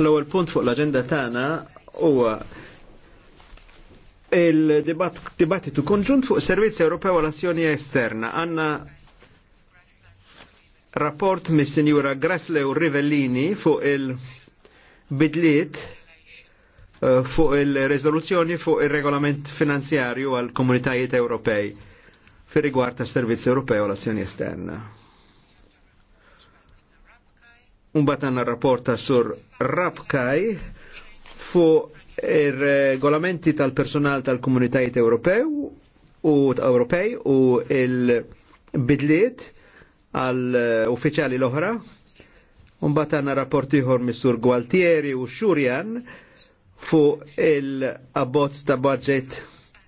L-ewwel punt fuq l-aġenda tagħna huwa il-dibattitu konġunt fuq Servizz Ewropew għal Azzjoni Esterna. Għandna rapport mis-Sinjura Grasle u Rivellini fuq il-bidliet eh, fuq il-rezoluzzjoni fuq il-regolament finanzjarju għal komunitajiet Ewropej fir rigward tas servizz Ewropew għal azzjoni esterna. Unbat għanna rapporta sur Rabkaj fu il-regolamenti tal-personal tal-komunitajiet Ewropew u Ewropej u il-bidliet għal uffiċjali l-oħra. Unbat għanna rapporti iħor sur Gualtieri u Xurjan fu il-abbozz ta' budget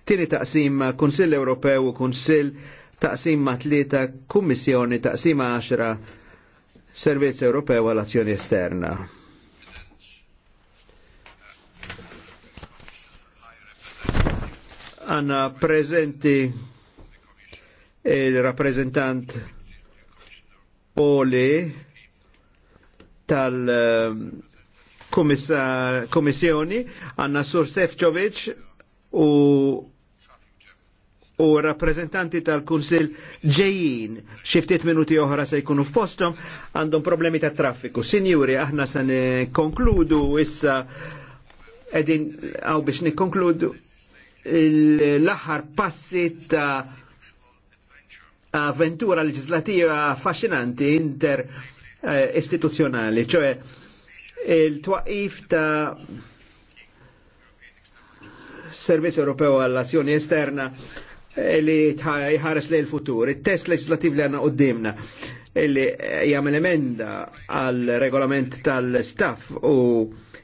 tini taqsim Kunsill Ewropew u Kunsill taqsim ma' tlieta Kummissjoni taqsima 10 Servizz Ewropew għal azzjoni esterna. Għanna prezenti il-rappresentant Poli tal-Komissjoni ehm, għanna Sur Sefcovic u u rappresentanti tal-Kunsil ġejjin xiftit minuti oħra se jkunu f'postom għandhom problemi ta' traffiku. Sinjuri, aħna se konkludu issa edin għaw biex nikkonkludu l-aħħar passi ta' avventura leġislativa affaxxinanti inter eh, istituzzjonali, ċoe il-twaqif ta' Servizz Ewropew għall-Azzjoni Esterna Eh, li jħares li l-futur. Il-test leġislativ li għanna qoddimna illi jagħmel emenda għal regolament tal-staff u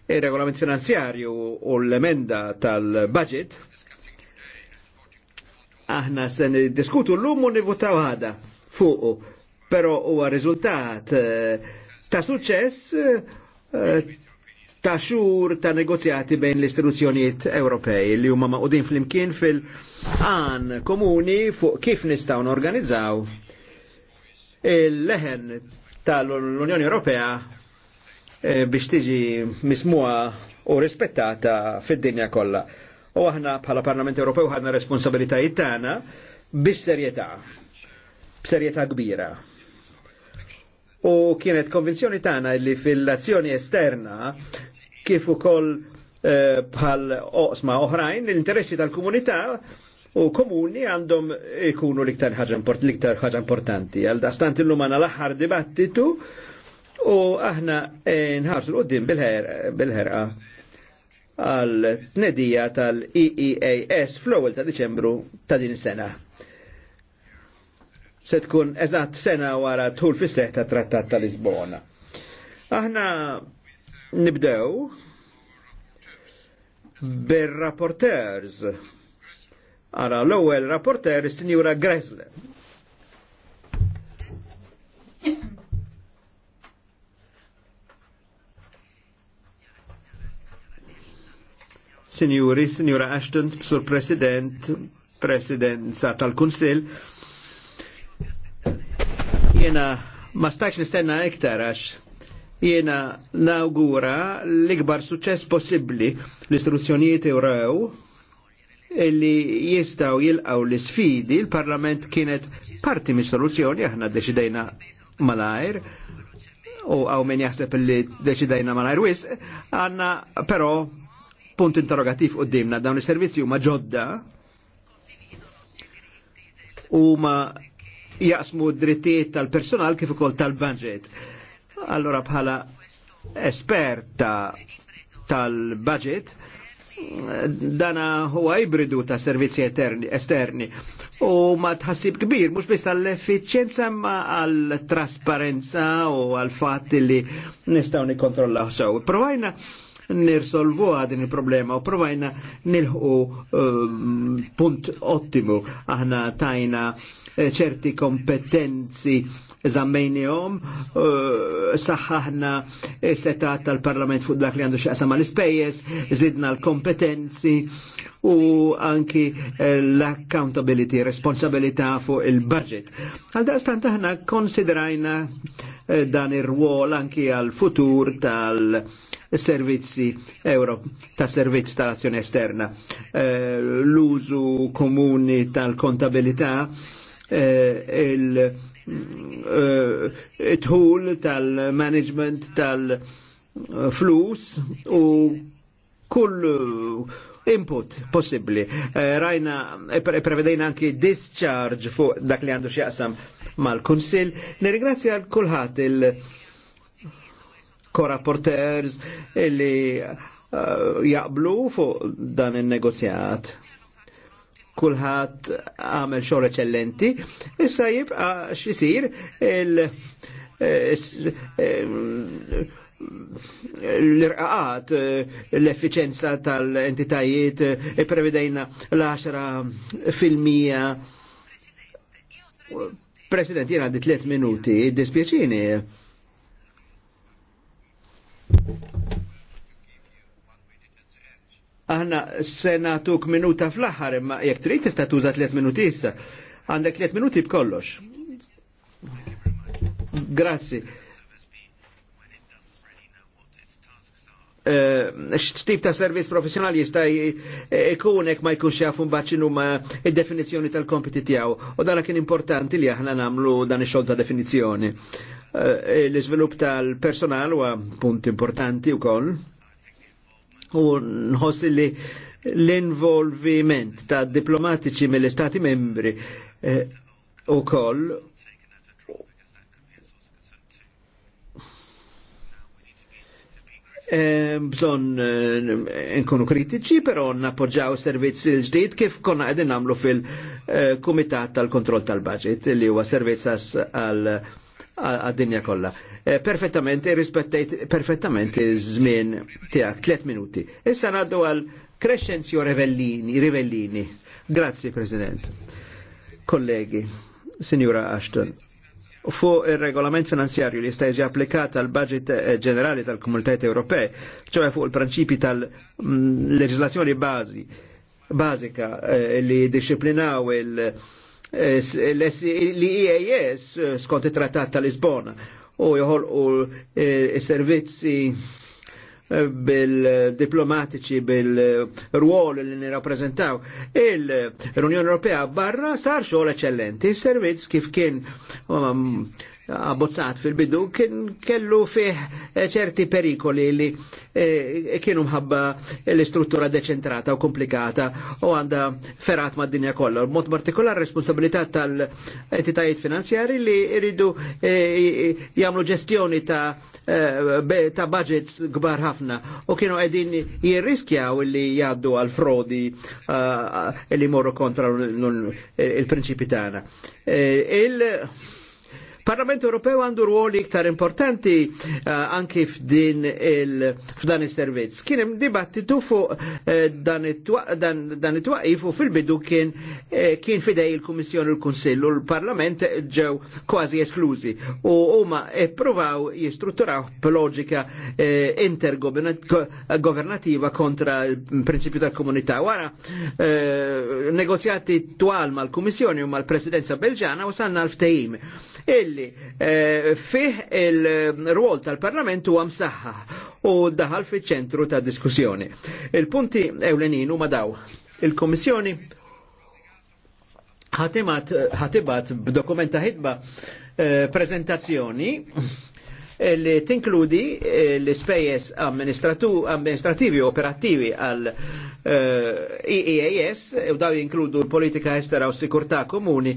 il-regolament finanzjarju u l-emenda tal-budget. Aħna se diskutu l-lum u nivutaw għada fuqu, pero huwa riżultat eh, ta' suċess eh, ta' xur ta' negozjati bejn l-istituzzjonijiet Ewropej li huma maqudin fl-imkien fil-għan komuni fuq kif nistgħu norganizzaw il-leħen tal-Unjoni Ewropea eh, biex tiġi mismuha u rispettata fid-dinja kollha. U aħna bħala Parlament Ewropew ħadna responsabilitajiet tagħna bis-serjetà, b'serjetà kbira u kienet konvinzjoni tagħna li fil-azzjoni esterna kif ukoll eh, bħal oqsma oħrajn l-interessi tal-komunità u komuni għandhom ikunu l-iktar ħaġa l-iktar ħaġa importanti. Għal dastant illum għana l-aħħar dibattitu u aħna eh, nħarsu l-qoddim bil-ħerqa bil għal tnedija tal-EEAS fl-ewwel ta' Diċembru ta' din is-sena se tkun eżatt sena wara tul fis seħħ tat Trattat ta' Lisbona. Aħna nibdew bir-rapporteurs. Ara l-ewwel rapporter is-Sinjura Gresle. Sinjuri, Sinjura Ashton, Sur President, Presidenza tal-Kunsil, Jena ma stax nistenna iktar għax jena nawgura l-ikbar suċess possibli l-istruzzjonijiet Ewrew illi jistaw jilqaw l-sfidi, il-Parlament kienet parti mis-soluzzjoni, aħna deċidejna malajr, u għaw min jaħseb li deċidejna malajr wis, għanna pero punt interrogativ u dimna dawn il-servizzi huma ġodda u ma jaqsmu drittijiet tal-personal kif ukoll tal-budget. Allora bħala esperta tal-budget, dana huwa ibridu ta' servizzi esterni u ma tħassib kbir, mux biss għall-effiċenza ma għall-trasparenza u għall-fat li nistaw nikontrollaw sew. Provajna nirsolvu din il-problema u provajna nilħu eh, punt ottimu. Aħna tajna Eh, ċerti kompetenzi zammejnijom, uh, eh, saħħaħna eh, setat tal-parlament fuq dak li għandu xaqsa ma l-ispejjes, zidna l-kompetenzi u anki l-accountability, responsabilità fuq il-budget. Għal-dastant aħna konsidrajna dan ir-rwol anki għal-futur tal- servizzi euro ta' servizz tal-azzjoni esterna. L-użu komuni tal-kontabilità Eh, il-tħul eh, tal-management tal-flus u kull input possibli. Eh, rajna, prevedejna anki discharge fuq dak li għandu xjaqsam mal-Kunsil. Nirigrazzja għal kulħat il- korapporters illi uh, jaqblu fuq dan il-negozjat kulħadd għamel xogħol eċellenti, issa jibqa xisir il- eh, eh, l-irqaqat, eh, l efficienza tal-entitajiet, prevedejna l-10 filmija. President, jena di 3 minuti, dispieċini. Aħna senatuk minuta fl-aħħar, imma jekk trid tista' tuża tliet minuti issa. Għandek tliet minuti b'kollox. Grazzi. Eh, x'tip ta' servizz professjonali jista' e- ikun hekk ma jkunx jaf imbagħad x'inhuma id-definizzjoni tal-kompiti tiegħu. U dan kien importanti li aħna nagħmlu dan ix-xogħol ta' definizzjoni. Eh, l-iżvilupp tal-personal huwa punt importanti wkoll u nħoss li l-involviment ta' diplomatiċi mill-Istati membri eh, u koll eh, bżon eh, nkunu kritiċi, pero nappoġġaw servizz il-ġdid kif konna għedin namlu fil-Kumitat tal-Kontroll tal-Budget, li huwa servizz għal għad-dinja kolla. Eh, perfettament, rispettajt perfettament iż-żmien tiegħek, tliet minuti. Issa ngħaddu għal Crescenzio Rivellini, Rivellini. Grazzi, President. Kollegi, Signora Ashton, fu il-regolament finanzjarju li jista' jiġi applikat għal budget eh, ġenerali tal-Komunitajiet Ewropej, ċoħe fuq il-prinċipi tal-leġislazzjoni mm, bażi, bażika eh, li disciplinaw il- l-IAS e eh, skont it-trattat tal-Lisbona u joħolqu eh, servizzi eh, bil-diplomatiċi, bil-ruol li nirrappreżentaw. il unjoni Ewropea barra sar xogħol eċċellenti. Is-servizz kif kien um, abbozzat fil-bidu kien kellu fih eh, ċerti perikoli li eh, kienu mħabba l-istruttura deċentrata u komplikata u għanda ferat ma' dinja kollha. Mod partikolar responsabilità tal-entitajiet finanzjari li iridu e, jagħmlu ġestjoni ta' ta' budgets gbar ħafna u kienu qegħdin jirriskjaw li jaddu għal frodi li morru kontra il-prinċipi tagħna. Parlament Ewropew għandu ruoli iktar importanti uh, anki f'din il, f'dan is servizz Kien hemm dibattitu fuq uh, dan it-twaqif u fil-bidu kien uh, kien fidej il-Kummissjoni u l-Kunsill u l-Parlament ġew kważi esklużi u huma ppruvaw jistrutturaw b'loġika uh, intergovernativa kontra l-prinċipju tal-komunità. Wara uh, negozjati twal mal-Kummissjoni u mal-Presidenza Belġana u sanna l-ftehim illi illi eh, fih il ruol tal-Parlament huwa msaħħa u daħal fiċ-ċentru ta' diskussjoni. Il-punti ewlenin huma daw. il komissjoni ħatibat b'dokumenta ħidba eh, prezentazzjoni li tinkludi l-ispejjeż amministrativi operattivi għal IEAS u daw jinkludu l-politika estera u sikurtà komuni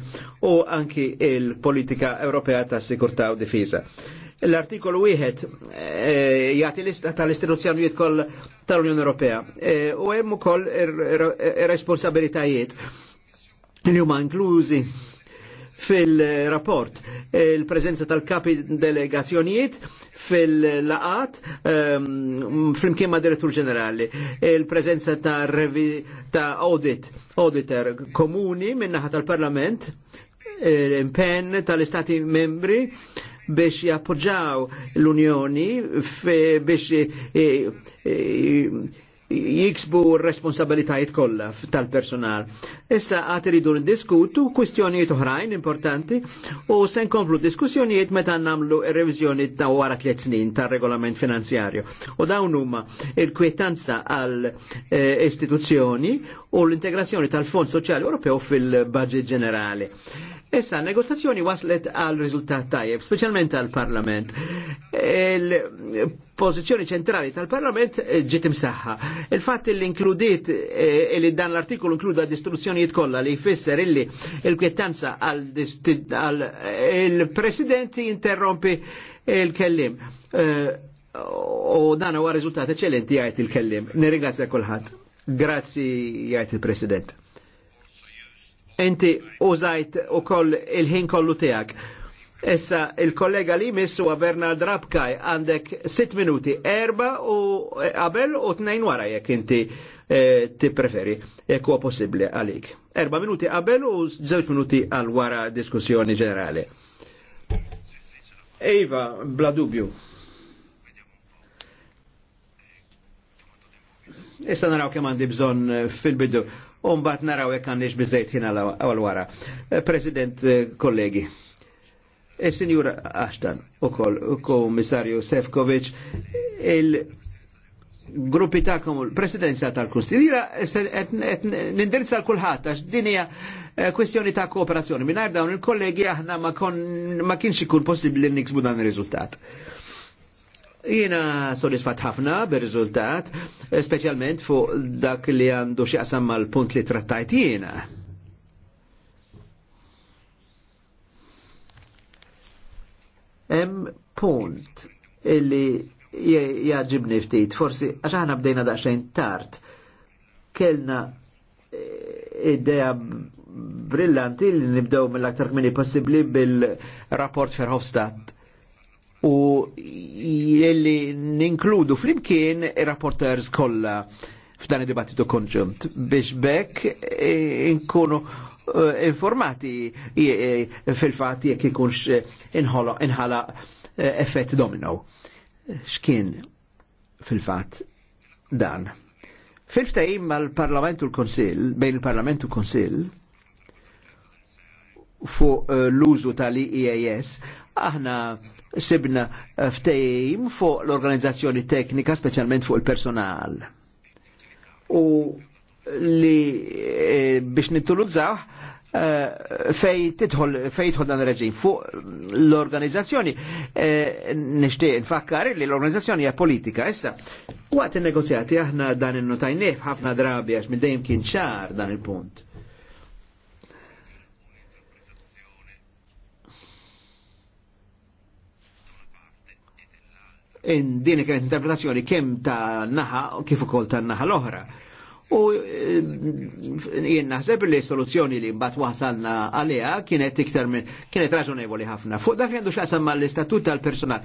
u anki l politika Ewropea ta' sikurtà u difiża. L-artikolu wieħed jagħti lista tal-istituzzjonijiet koll tal-Unjoni Ewropea u hemm ukoll ir responsabilitajiet li huma inklużi fil-rapport. Il-prezenza tal-kapi delegazzjonijiet fil-laqat um, fl-imkien ma' direttur ġenerali. Il-prezenza ta', ta audit, auditor komuni minnaħa tal-parlament, l-impenn tal-istati membri biex jappoġġaw l-Unjoni biex jiksbu r-responsabilitajiet kollha tal-personal. Issa għad n-diskutu kwistjonijiet oħrajn importanti u se nkomplu diskussjonijiet meta nagħmlu revizjoni ta' wara tliet snin tar-regolament finanzjarju. U dawn huma il-kwietanza għal eh, istituzzjoni u l-integrazzjoni tal-Fond Soċjali Ewropew fil-Budget Ġenerali. Issa, negozjazzjoni waslet għal riżultat tajjeb, specialment għal parlament. il pozizjoni ċentrali tal-Parlament eh, ġiet imsaħħa. Il-fatt li inkludiet eh, li dan l-artikolu inkluda distruzzjonijiet kollha li jfisser illi il-kwittanza għal eh, il-President interrompi il-kellim. U dan huwa riżultat eċċellenti jgħid il-kellim. Nirringrazzja kulħadd. Grazzi jgħid il-President. Enti użajt u koll il-ħin kollu tijak. Issa, il-kollega li missu għa Bernard Rabkaj għandek 6 minuti, erba u għabel eh, u t-nejn wara jek inti e, eh, ti preferi, jek huwa possibli għalik. Erba minuti għabel u żewġ minuti għal wara diskussjoni ġenerali. Eva, bla dubju. Issa naraw kemm għandi bżonn fil-bidu u mbagħad naraw jekk nix biżejt ħin għal wara. Eh, President, eh, kollegi. il-senjur eh, sinjura u Ashton u Kummissarju Sefkovic il gruppi ta'kom u l-presidenza tal-Kustinira nindirizza l-kulħat, għax dinija kwestjoni ta' kooperazzjoni. Minar dawn il-kollegi aħna ma, kon, ma kienx ikun possibli niksbu dan il-rizultat. Jiena soddisfat ħafna bir-riżultat, speċjalment fuq dak li għandu qasam mal-punt li trattajt jiena. Hemm punt illi jaġibni ftit, forsi għax aħna bdejna daqsxejn tard. Kellna eh, idea brillanti li nibdew mill-aktar kmini possibbli bil-rapport Ferhofstadt u jelli ninkludu flimkien rapporters kolla f'dan il dibattitu konġunt biex bekk e, inkunu e, informati e, fil-fat jekk ikunx inħala effett domino. X'kien fil-fat dan. Fil-ftajim mal-Parlament u l-Konsil, bejn il-Parlament u l-Konsil, fuq l-użu tal-IAS, Aħna sibna ftejim fuq l-organizzazzjoni teknika, specialment fuq il-personal. U li eh, biex nittuluzzaħ eh, fej tidħol fej tidħol dan reġim fuq l-organizzazzjoni eh, nixtieq nfakkar li l-organizzazzjoni hija politika issa waqt in-negozjati aħna dan in-notajnif ħafna drabi għax minn dejjem kien ċar dan il-punt In din kienet interpretazzjoni kemm ta' naħa kif ukoll ta' naħa l-oħra. U eh, jien naħseb li soluzzjoni li mbagħad waħsalna għaliha kienet iktar minn kienet raġonevoli ħafna. Fuq dak għandu x'qasam mal-istatut tal-personal.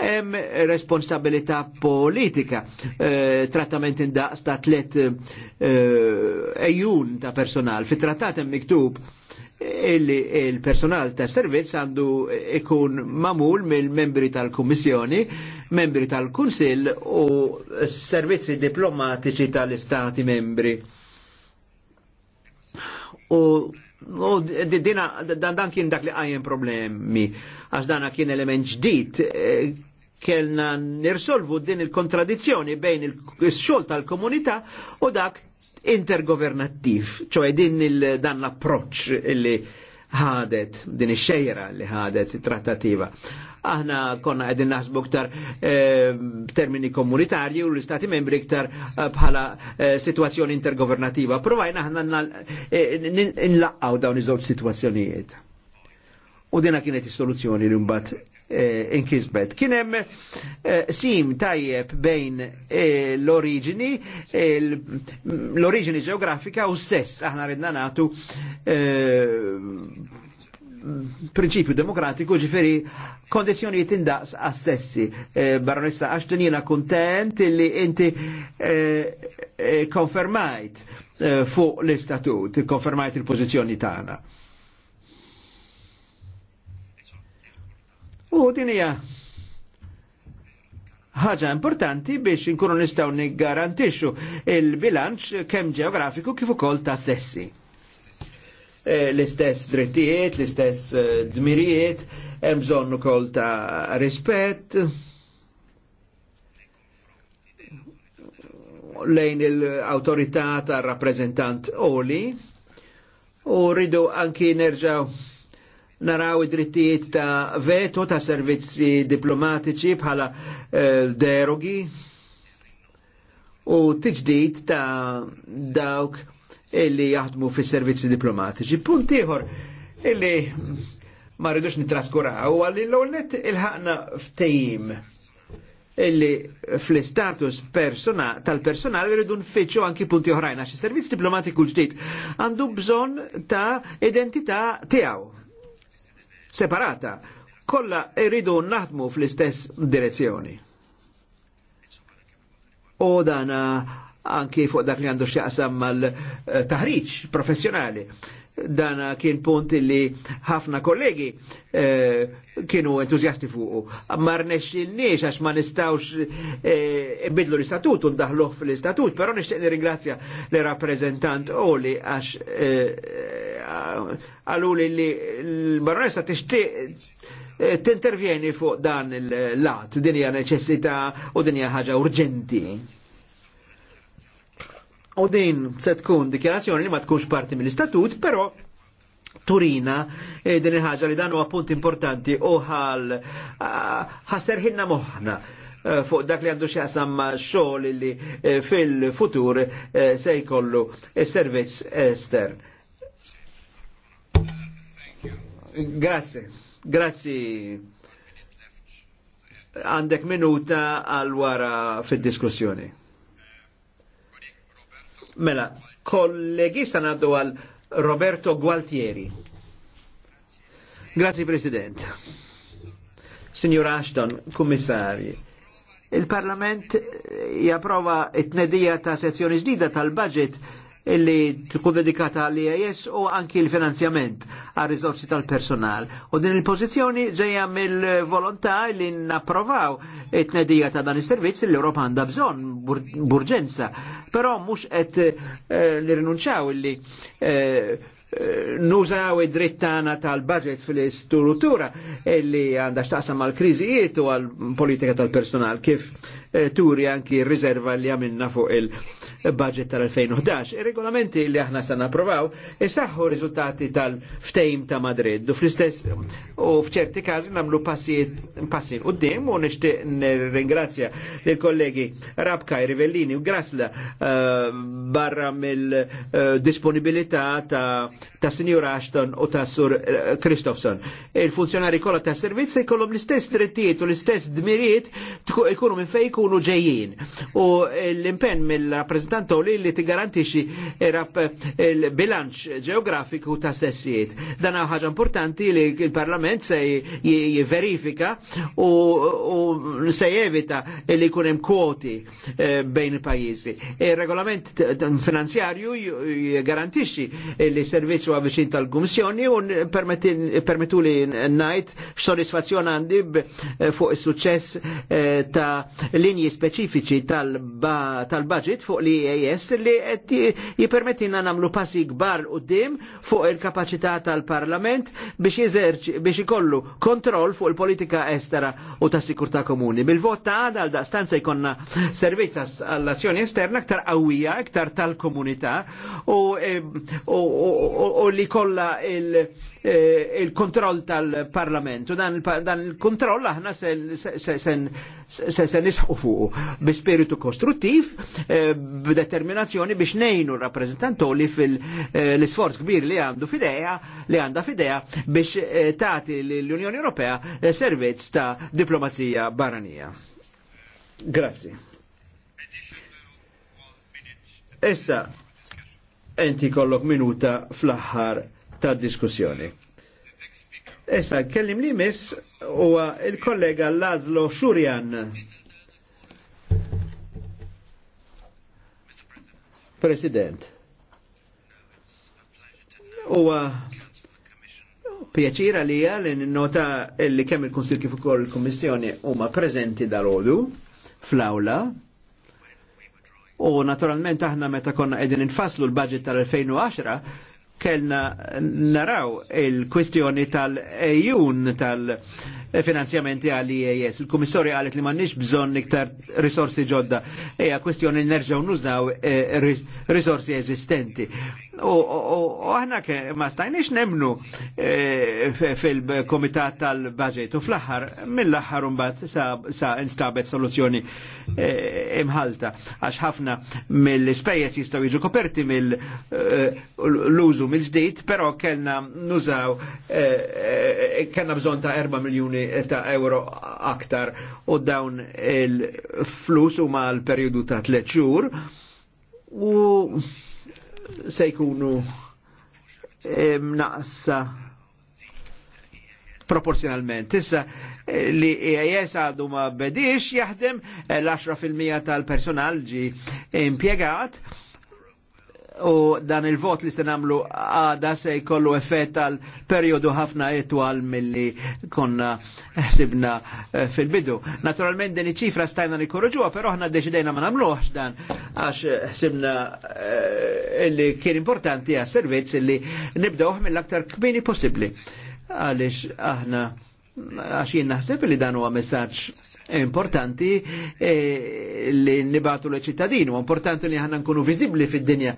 Hemm responsabilità politika, eh, trattament indaqs ta' tliet eh, ejjun ta' personal. Fit-trattat hemm miktub illi il-personal ta' servizz għandu ikun mamul mill-membri tal-Kummissjoni membri tal-Kunsill u s-servizzi diplomatiċi tal-Istati membri. U dina, dan kien dak li għajem problemi, għax dana kien element ġdid, eh, kellna nirsolvu din il-kontradizzjoni bejn il-xol tal-komunità u dak intergovernattiv, ċoħe din dan l-approċ li ħadet, din ix-xejra li ħadet trattativa. Aħna konna għedin naħsbu ktar eh, termini komunitarji u l-istati membri ktar eh, bħala eh, situazzjoni intergovernativa. Provajna aħna nlaqqaw dawn iż-żewġ situazzjonijiet. U dina kienet is-soluzzjoni li mbagħad inkisbet. Kienem sim tajjeb bejn l-oriġini, l-oriġini ġeografika u s-sess. Aħna ridna natu prinċipju demokratiku ġifiri kondizjoni indaqs assessi. Eh, Baronessa Ashton jena kontent li inti eh, eh, konfermajt eh, fuq l-istatut, konfermajt il-pozizjoni tagħna. U din hija ħaġa importanti biex inkunu nistgħu niggarantixxu il-bilanċ kemm ġeografiku kif ukoll ta' sessi. Eh, l-istess drittijiet, l-istess eh, dmirijiet, hemm bżonn ukoll ta' rispett lejn il-autorità ta' rappresentant oli u rridu anki nerġaw naraw id-drittijiet ta' veto ta' servizzi diplomatiċi bħala eh, derogi u tiġdid ta' dawk illi jaħdmu fis servizzi diplomatiċi. Punt ieħor illi ma rridux nitraskuraw għalli l-għolnet il-ħakna ftejim illi fl istatus persona, tal-personali rridu nfittxu anki punti oħrajn għax servizz diplomatiku ġdid għandu bżonn ta' identità tiegħu separata. Kolla rridu naħdmu fl-istess direzzjoni. U dana anki fuq dak li għandu xjaqsam mal-taħriċ professjonali. Dan kien punt li ħafna kollegi eh, kienu entuzjasti fuqu. Ma rnexxilniex għax ma nistawx eh, bidlu l-istatut u fil-istatut, però nixtieq nirringrazzja l u Oli għax eh, għallu li l-baronessa t-intervjeni fuq dan il-lat, dinja neċessita u dinja ħaġa urġenti. U din se tkun dikjarazzjoni li ma tkunx parti mill-istatut, però Turina, eh, din il ħaġa li dan huwa punt importanti u ħal ħasserħinna moħħna e, fuq dak li għandu xjaqsam xogħol li e, fil-futur e, se jkollu servizz estern. Grazie, grazie. Għandek minuta għal wara fid-diskussjoni. Mela, kollegi sanaddu għal Roberto Gualtieri. Grazie President. Signor Ashton, Kummissarji, il-Parlament japprova eh, it-nedija ta' sezzjoni ġdida tal-budget illi tkun dedikata l IAS e u anki l-finanzjament għal rizorsi tal-personal. U din il-pozizjoni ġeja mill-volontà li napprovaw it-nedija ta' dan is-servizz li Europa għandha bżon burġenza. Però mhux qed li eh, rinunċaw eh, eh, nużaw id-dritt tal-budget fil-istruttura illi għandha x'taqsam mal-kriżijiet u għal-politika tal-personal kif Eh, turi anki riserva li għamilna fuq il-budget tal-2011. Il-regolamenti li aħna stanna approvaw isaħħu rizultati tal-ftejm ta' Madrid u fl-istess u fċerti każi namlu passin u d-dim u nishtiq ringrazja l-kollegi Rabka, Rivellini u Grasla eh, barra mill-disponibilità ta' ta' Senior Ashton u ta' Sur eh, Kristofson. Il-funzjonari kollha ta' servizzi jkollhom l-istess drittijiet u l-istess dmiriet ikunu minn fejku ikunu ġejjin. U l-impenn mill-rappresentant li li tigarantixi il-bilanċ ġeografiku ta' sessijiet. Dan ħaġa importanti li il-Parlament se jiverifika u se jevita li kun hemm kwoti eh, bejn il-pajjiżi. Il-regolament finanzjarju garantixxi li servizzu għavicin tal-Kummissjoni u permettu li najt x'sodisfazzjon għandi eh, fuq is-suċċess eh, ta' linji linji speċifiċi tal-budget fuq li EAS li jipermettina namlu passi gbar u dim fuq il-kapacità tal-parlament biex jizerċ biex jikollu kontrol fuq il-politika estera u ta' sikurta komuni. Bil-vot ta' għada għal stanza jkonna servizza għall-azzjoni esterna ktar għawija, ktar tal-komunità u, e, li kolla il- Eh, il-kontroll tal-Parlament. U dan il-kontroll aħna se nisħu fuq bi spiritu kostruttiv, eh, b'determinazzjoni biex nejnu rappresentantoli fil-sforz eh, kbir li għandu fideja, li għanda fideja biex tati l-Unjoni Ewropea servizz ta' diplomazija barranija. Grazie. Issa, enti kollok minuta fl-aħħar ta' diskussjoni. Issa, kellim li mis u il-kollega Lazlo Xurjan. President. U Pieċira li għal nota li kemm il-Konsil kif ukoll il-Kommissjoni huma preżenti dal-għodu fl-awla u naturalment aħna meta konna qegħdin infaslu l-budget tal-2010 kellna naraw il-kwistjoni tal-ejjun tal-, -ejun, tal Eh, finanzjamenti għal IAS. E Il-Kummissarju għalet li m'għandniex bżonn iktar risorsi ġodda. Eja kwestjoni nerġaw nużaw eh, risorsi eżistenti. U aħna ma stajniex nemnu eh, fil-Komitat tal-Budget u fl-aħħar mill-aħħar mbagħad sa instabet soluzzjoni imħalta għax ħafna mill-ispejjeż jistgħu jiġu koperti mill-użu mill ġdijt però kellna nużaw kellna bżonn ta' 4 miljuni ta' euro aktar u dawn il-flus u ma' l-periodu ta' tleċur xhur u se jkunu naqsa proporzjonalment. Issa eh, li EIS għadu ma bedix jaħdem eh, l-10% tal personalġi impiegat u dan il-vot li se namlu għada se jkollu effett għal periodu ħafna etwal mill-li konna ħsibna eh, fil-bidu. Naturalment din iċifra stajna nikorruġuha, pero ħna deċidejna ma namluħx dan għax eh, ħsibna eh, illi kien importanti għas servizz illi nibdawh mill-aktar kbini possibli. Għalix aħna għax jien naħseb li dan huwa messaġġ importanti li nibatu l ċittadini u importanti li ħanna nkunu viżibli fid-dinja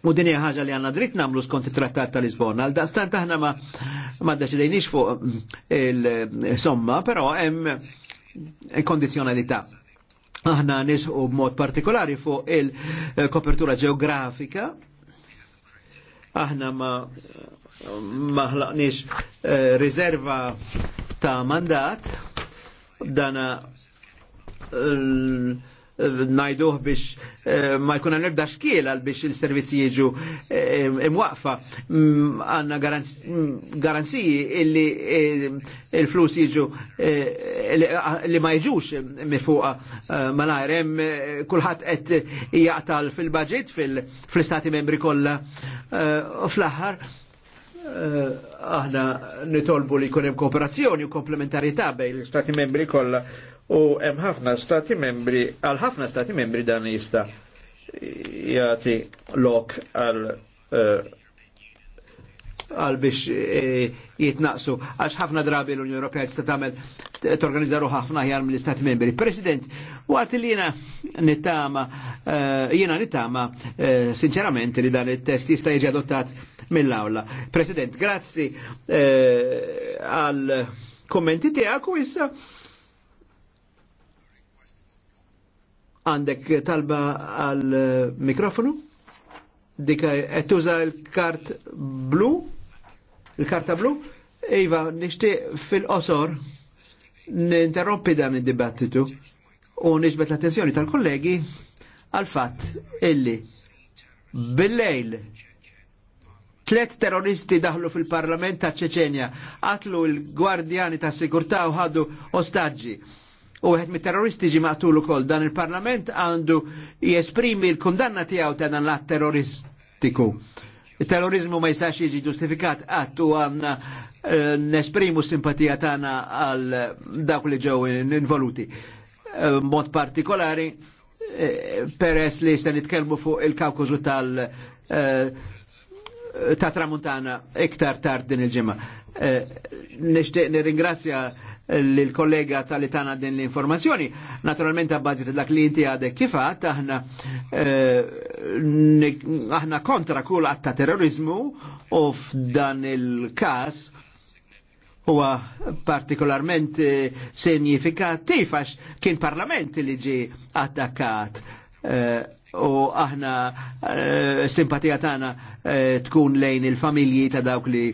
U din ħaġa li għanna dritt namlu skont it-Trattat tal Lisbona. Għal daqstan taħna ma ma deċidejniex fuq eh, il-somma, però hemm kondizjonalità. Aħna nisqu b'mod partikolari fuq il-kopertura ġeografika. Aħna ma ma ħlaqniex eh, riserva ta' mandat dana l najduh biex eh, ma jkun hemm nibda xkiel għal biex il-servizzi jiġu eh, imwaqfa mm, għandna mm, garanziji illi eh, il-flus jiġu li ma jiġux mifuqa malajr hemm kulħadd qed jgħatal fil-budget fil-istati membri kollha u fl-aħħar aħna nitolbu li jkun hemm kooperazzjoni u komplementarieta bejn l istati membri kollha u hemm ħafna stati membri, għal ħafna stati membri dan jista' jagħti lok għal eh, għal biex eh, jitnaqsu, għax ħafna drabi l-Unjoni Ewropea tista' tagħmel torganizzaru ħafna ħjar mill-Istati Membri. President, waqt li jiena nittama, eh, jiena nittama sinċerament li dan it-test jista' jiġi adottat mill-Awla. President, grazzi għal kommenti tiegħek u issa Għandek talba għal eh, mikrofonu? Dik eh, qed tuża l-kart blu? Il-karta blu? Iva, nixtieq fil-qosor ninterrompi dan id-dibattitu u nixbet l-attenzjoni tal-kollegi għal fatt illi bil-lejl tlet terroristi daħlu fil-parlament ta' ċeċenja, qatlu l-gwardjani ta' sigurtà u ħaddu ostaġġi u għed mit-terroristi ġi maqtul ukoll dan il-parlament għandu jesprimi l-kundanna tiegħu ta' dan l-att terroristiku. Il-terrorizmu ma jistax jiġi ġustifikat għat u għanna eh, nesprimu simpatija tagħna għal dawk li ġew involuti. Eh, mod partikolari eh, peress li se nitkellmu fuq il-kawkużu tal- ta' tramuntana iktar tard din il-ġimgħa. Nixtieq nirringrazzja l-kollega tal-li tana din l-informazzjoni. Naturalment għabbażi ta' dak li inti għadek kifat, aħna eh, aħna kontra kull għatta terrorizmu u f'dan il-kas huwa partikolarment eh, signifikattiv għax kien parlament li ġi attakkat eh, u aħna simpatija tagħna tkun lejn il-familji ta' dawk li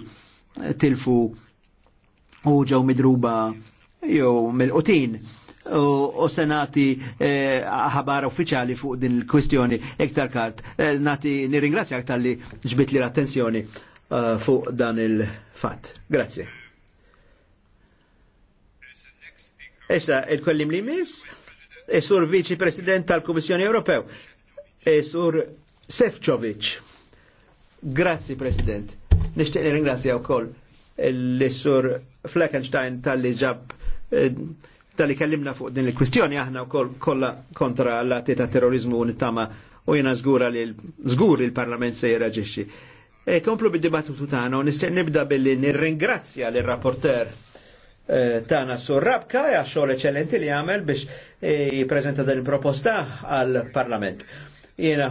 tilfu u ġew midruba jew mill-qotin u senati eh, ħabar uffiċjali fuq din il-kwistjoni iktar kart. Eh, Nati nirringrazzjak tal-li ġbit li l-attenzjoni eh, fuq dan il-fat. Grazie. Issa, il-kollim li mis, Isur Viċi President tal-Komissjoni Ewropew, Isur Sefcovic. Grazie, President. Nishtiq ringrazzja u koll l-Isur Fleckenstein tal-li ġab eh, tal-li kellimna fuq din il-kwistjoni aħna kollha kontra l-atti ta' terrorizmu nittama u jena zgura li zgur il-parlament se jirraġixxi. E komplu bid-dibattitu tagħna u nistgħu nibda billi nirringrazzja lir-rapporter eh, tana sur rabka għax xogħol eċellenti li għamel biex eh, jippreżenta din il-proposta għal-Parlament. Jena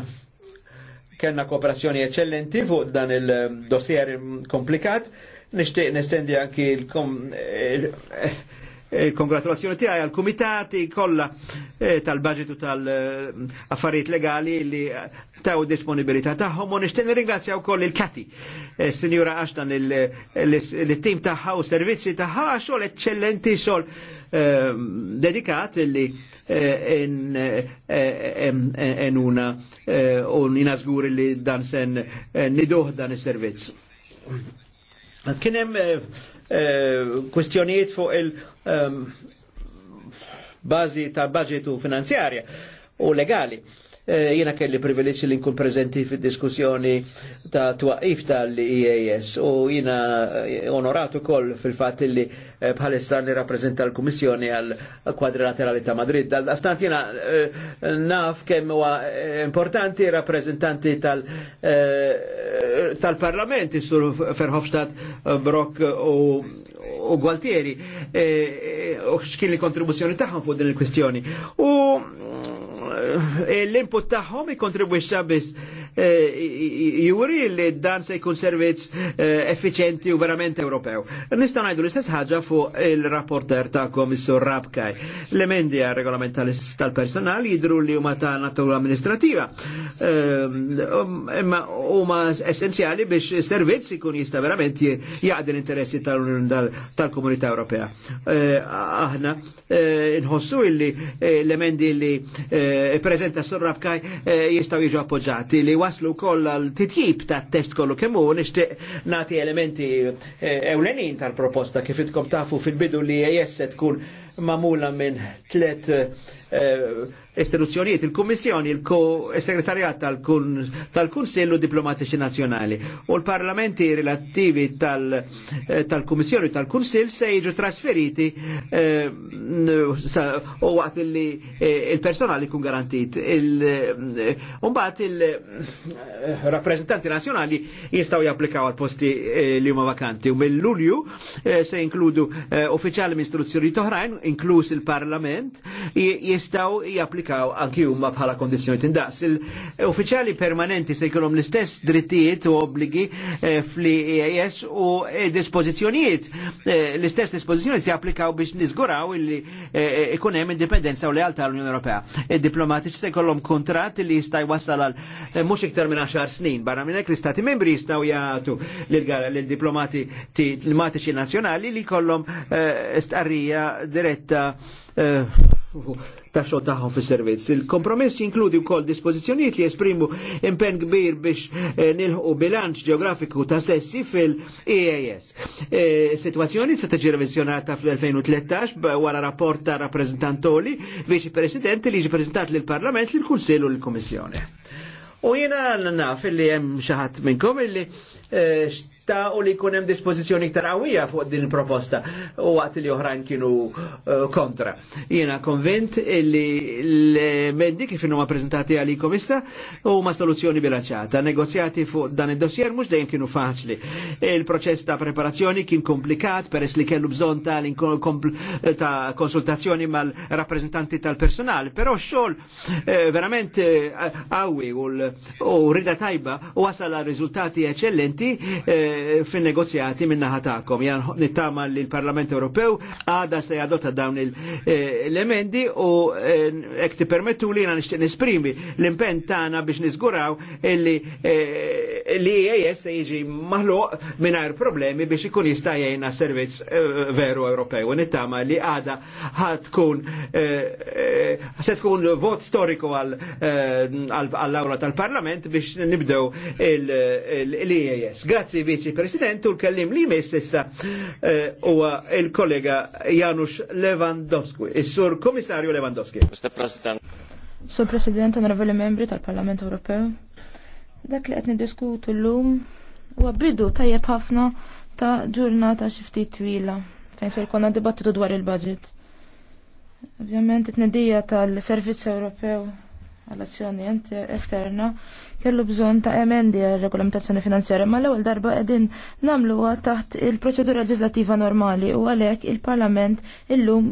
kellna kooperazzjoni eccellenti fuq dan il-dossier komplikat Nishtiq nestendi anki il-kongratulazzjoni eh, eh, eh, tiegħi għal kumitati kollha tal-baġitu tal-affarijiet legali li taw disponibilità tagħhom u nixtieq nirringrazzja wkoll il-Kati, Sinjura Ashton il-tim tagħha u servizzi tagħha xogħol eċċellenti xogħol ehm, dedikat li enuna u ninazgur li dan sen niduh dan is-servizz. Kien hemm eh, eh, kwestjonijiet fuq il-bażi ehm, ta' budgetu finanzjarja u legali. Eh, jiena kelli privileġ li nkun prezenti fid-diskussjoni ta' twaqif tal-EAS u jiena eh, onoratu kol fil-fat li eh, bħalissa nirrappreżenta l-Kummissjoni għal kwadrilaterali ta' Madrid. Dal-astant jena naf kemm huwa importanti rappresentanti tal-Parlament, tal sur Ferhofstadt, Brock u u Gualtieri u xkien li kontribuzzjoni tagħhom fuq din il-kwistjoni. U Eh, l-input taħħom ikontribwixxa biss Eh, juri li dan se jkun servizz eh, effiċenti u verament Ewropew. Nista' ngħidu l-istess ħaġa fuq il-rapporter ta' Komissur Rabkaj. L-emendi għal regolament tal-personal jidru li huma ta' natura amministrativa. Eh, um, imma huma essenzjali biex servizz ikun jista' verament jaqdi l-interessi tal-Komunità Ewropea. Aħna nħossu illi l-emendi li prezenta Sur Rabkaj jistgħu jiġu appoġġati li waslu koll għal titjib ta' test kollu kemmu nixtieq nagħti elementi eh, ewlenin tal-proposta kif itkom tafu fil-bidu li jesset tkun mamula minn tlet eh, istituzzjonijiet, il-Kummissjoni, il-Segretarjat tal-Kunsillu Diplomatiċi Nazzjonali u l-Parlamenti relattivi eh, tal-Kummissjoni tal-Kunsill se jiġu trasferiti eh, u għat li eh, il-personal ikun garantit. Umbat il-rappresentanti nazjonali jistaw japplikaw għal-posti li huma vakanti u mill-Lulju se inkludu uffiċjali minn istruzzjoni toħrajn, inkluż il-Parlament, jistaw japplikaw japplikaw anki huma bħala kondizjoni tindaqs. Il-uffiċjali permanenti se jkunhom l-istess drittijiet u obbligi eh, fl-IAS u eh, dispożizzjonijiet. Eh, l-istess dispożizzjoni se japplikaw biex nizguraw illi ikun hemm indipendenza u lealtà l-Unjoni Ewropea. Id-diplomatiċi se jkollhom kontratt li jista' jwassal għal mhux iktar minn 10 snin. Barra minn hekk l-Istati membri jistgħu jagħtu lill-diplomati diplomatiċi nazzjonali li kollhom starrija diretta Eh, ta' xogħol tagħhom fis-servizz. Il-kompromess jinkludi wkoll dispożizzjonijiet li esprimu impenn kbir biex eh, nilħu bilanċ ġeografiku ta' sessi fil-EAS. Eh, Situazzjoni se tiġi revizjonata fl-2013 wara rapport ta' rappreżentantoli viċi presidenti li jiġi preżentat lill-Parlament lill-Kunsill u l-Kummissjoni. U jena naf li hemm xi ħadd minnkom illi ta' u li kunem hemm ta' iktar fuq din il-proposta u għat li oħrajn kienu eh, kontra. Jiena konvent li l mendi kif huma preżentati għalikom issa huma soluzzjoni bilanċata. Negozjati fuq dan il dossier mhux dejjem kienu faċli. Il-proċess ta' preparazzjoni kien komplikat peress li kellu bżonn ta' konsultazzjoni mal-rappreżentanti tal-personal, però xogħol eh, verament għawi eh, u rida tajba u wasal rizultati eccellenti fin-negozjati minna ħatakom. Jan nittama li l-Parlament Ewropew għada se jadotta dawn eh, l-emendi u hekk eh, permettu li jiena nixtieq nisprimi l-impenn tagħna biex nizguraw illi eh, li EAS se jiġi maħluq mingħajr problemi biex ikun jista' jgħinna servizz veru Ewropew. Nittama li għada ħatkun se tkun vot storiku għall-awla tal-Parlament biex nibdew l-EAS. Grazie Vici viċi president u l-kellim li jmiss issa eh, u il-kollega Janusz Lewandowski, il sur komissarju Lewandowski. Mr. President. Sur President, onorevoli membri tal-Parlament Ewropew, dak li qed niddiskutu llum huwa bidu tajjeb ħafna ta' ġurnata xi ftit twila fejn se jkollna dibattitu dwar il-budget. Ovvjament it-tnedija tal-Servizz Ewropew għall-azzjoni esterna kellu bżonn ta' emendi għal regolamentazzjoni finanzjarja ma l-ewwel darba qegħdin nagħmluha taħt il-proċedura leġislattiva normali u għalhekk il-Parlament illum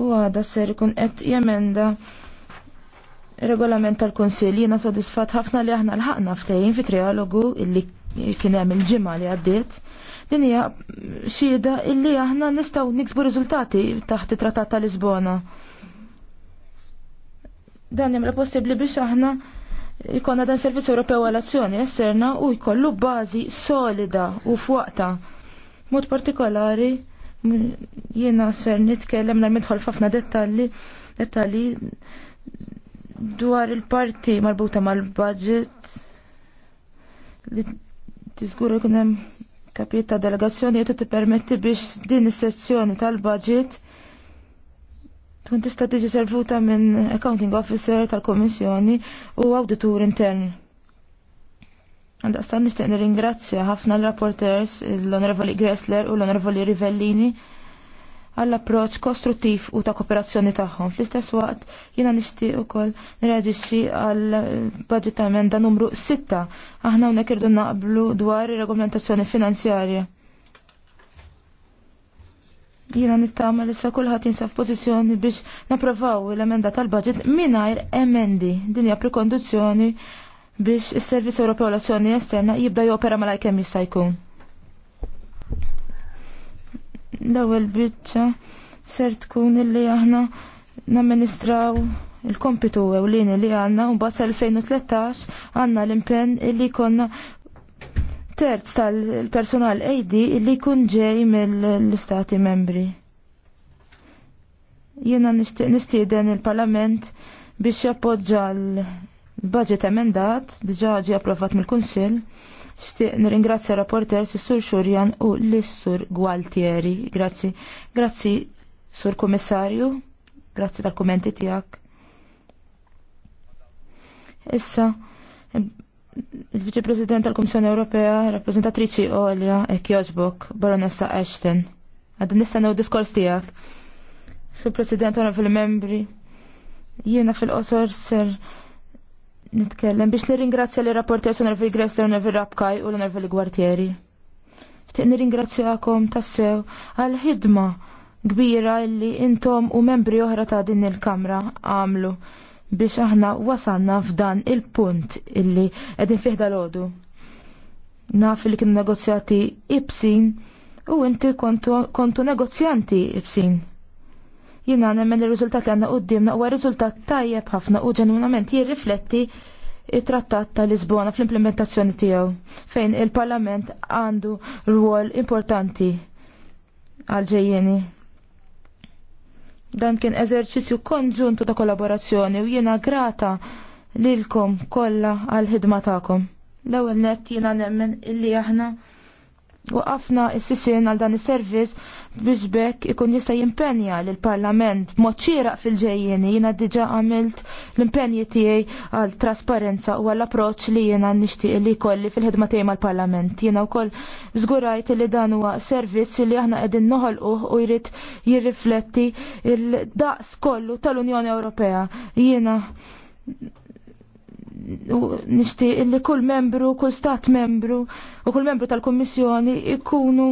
u għada ser ikun qed jemenda regolament tal-Konsil jiena sodisfat ħafna li aħna l-ħaqna ftehim fi trialogu illi kien hemm il-ġimgħa li għaddiet din hija xhieda illi aħna nistgħu niksbu riżultati taħt it-Trattat ta' Lisbona. Dan jemra possibbli biex aħna jikonna dan servizz Ewropew għal-azzjoni esterna u jkollu bażi solida u fuqta. Mod partikolari jiena ser nitkellem nar midħol f'ħafna dettalli dettalli dwar il-parti marbuta mal-budget li tiżguru jkun hemm kapita ta' delegazzjoni jgħidu tippermetti biex din is-sezzjoni tal-budget tkun tista' tiġi servuta minn accounting officer tal-Kommissjoni u awditur intern. Għandastan nixtieq nirringrazzja ħafna l-rapporters l-Onorevoli Gressler u l-Onorevoli Rivellini għall-approċ kostruttiv u ta' kooperazzjoni tagħhom. Fl-istess waqt jiena nixtieq ukoll nirreġixxi għal budgetament amenda numru 6. Aħna hawnhekk irdu naqblu dwar ir-regolamentazzjoni finanzjarja. Jina nittama li sa kullħat jinsaf pozizjoni biex napravaw l-emenda tal-budget minajr emendi. Din hija prekondizzjoni biex is-Servizz Ewropew l-Azzjoni Esterna jibda jopera mala kemm jista' jkun. L-ewwel biċċa ser tkun illi aħna namministraw il-kompitu ewlieni li għanna u bat 2013 għanna l-impen illi konna terz tal-personal AD li jkun ġej mill-istati membri. Jiena nistieden il-Parlament biex jappoġġa l-budget emendat, diġa ġi approvat mill-Kunsill, xtieq nirringrazzja rapporter Sur Xurjan u l-Sur Gualtieri. Grazzi. Grazzi Sur Kommissarju, grazzi tal-kommenti tiegħek. Issa, il-Viċi President tal-Komissjoni Ewropea, rappresentatriċi Olja Ekjoġbok, Baronessa Ashton. Għadin nistennew diskors tijak. Sur President għana fil-membri. Jiena fil-qosor ser nitkellem biex nirringrazzja li rapporti sunar fil-Grester, unar fil-Rabkaj u l-unar fil-Gwartieri. Ftiq nirringrazzjakom tassew għal-ħidma kbira li intom u membri oħra ta' din il-Kamra għamlu biex aħna wasanna f'dan il-punt illi qegħdin fih dal ħodu Naf li kienu negozjati ibsin u inti kontu, kontu negozjanti ibsin. Jina nemmen il-riżultat li għanna u huwa riżultat tajjeb ħafna u ġenwinament jirrifletti il trattat ta' Lisbona fl-implementazzjoni tiegħu fejn il-Parlament għandu rwol importanti għal ġejjeni. Dan kien eżerċizzju konġuntu ta' kollaborazzjoni u jiena grata lilkom kollha għal-ħidma tagħkom. L-ewwel nett jiena nemmen illi aħna waqafna s sisien għal dan is-servizz Bisbek ikun jista' jimpenja lil parlament mod xieraq fil-ġejjeni jiena diġà għamilt l-impenji tiegħi għal trasparenza u għall approċċ li jiena nixtieq li jkolli fil-ħidma tiegħi mal-Parlament. Jiena wkoll żgurajt li dan huwa servizz li aħna qegħdin noħolquh u jrid jirrifletti il-daqs kollu tal-Unjoni Ewropea. Jiena nixtieq li kull membru, kull stat membru u kull membru tal-Kummissjoni ikunu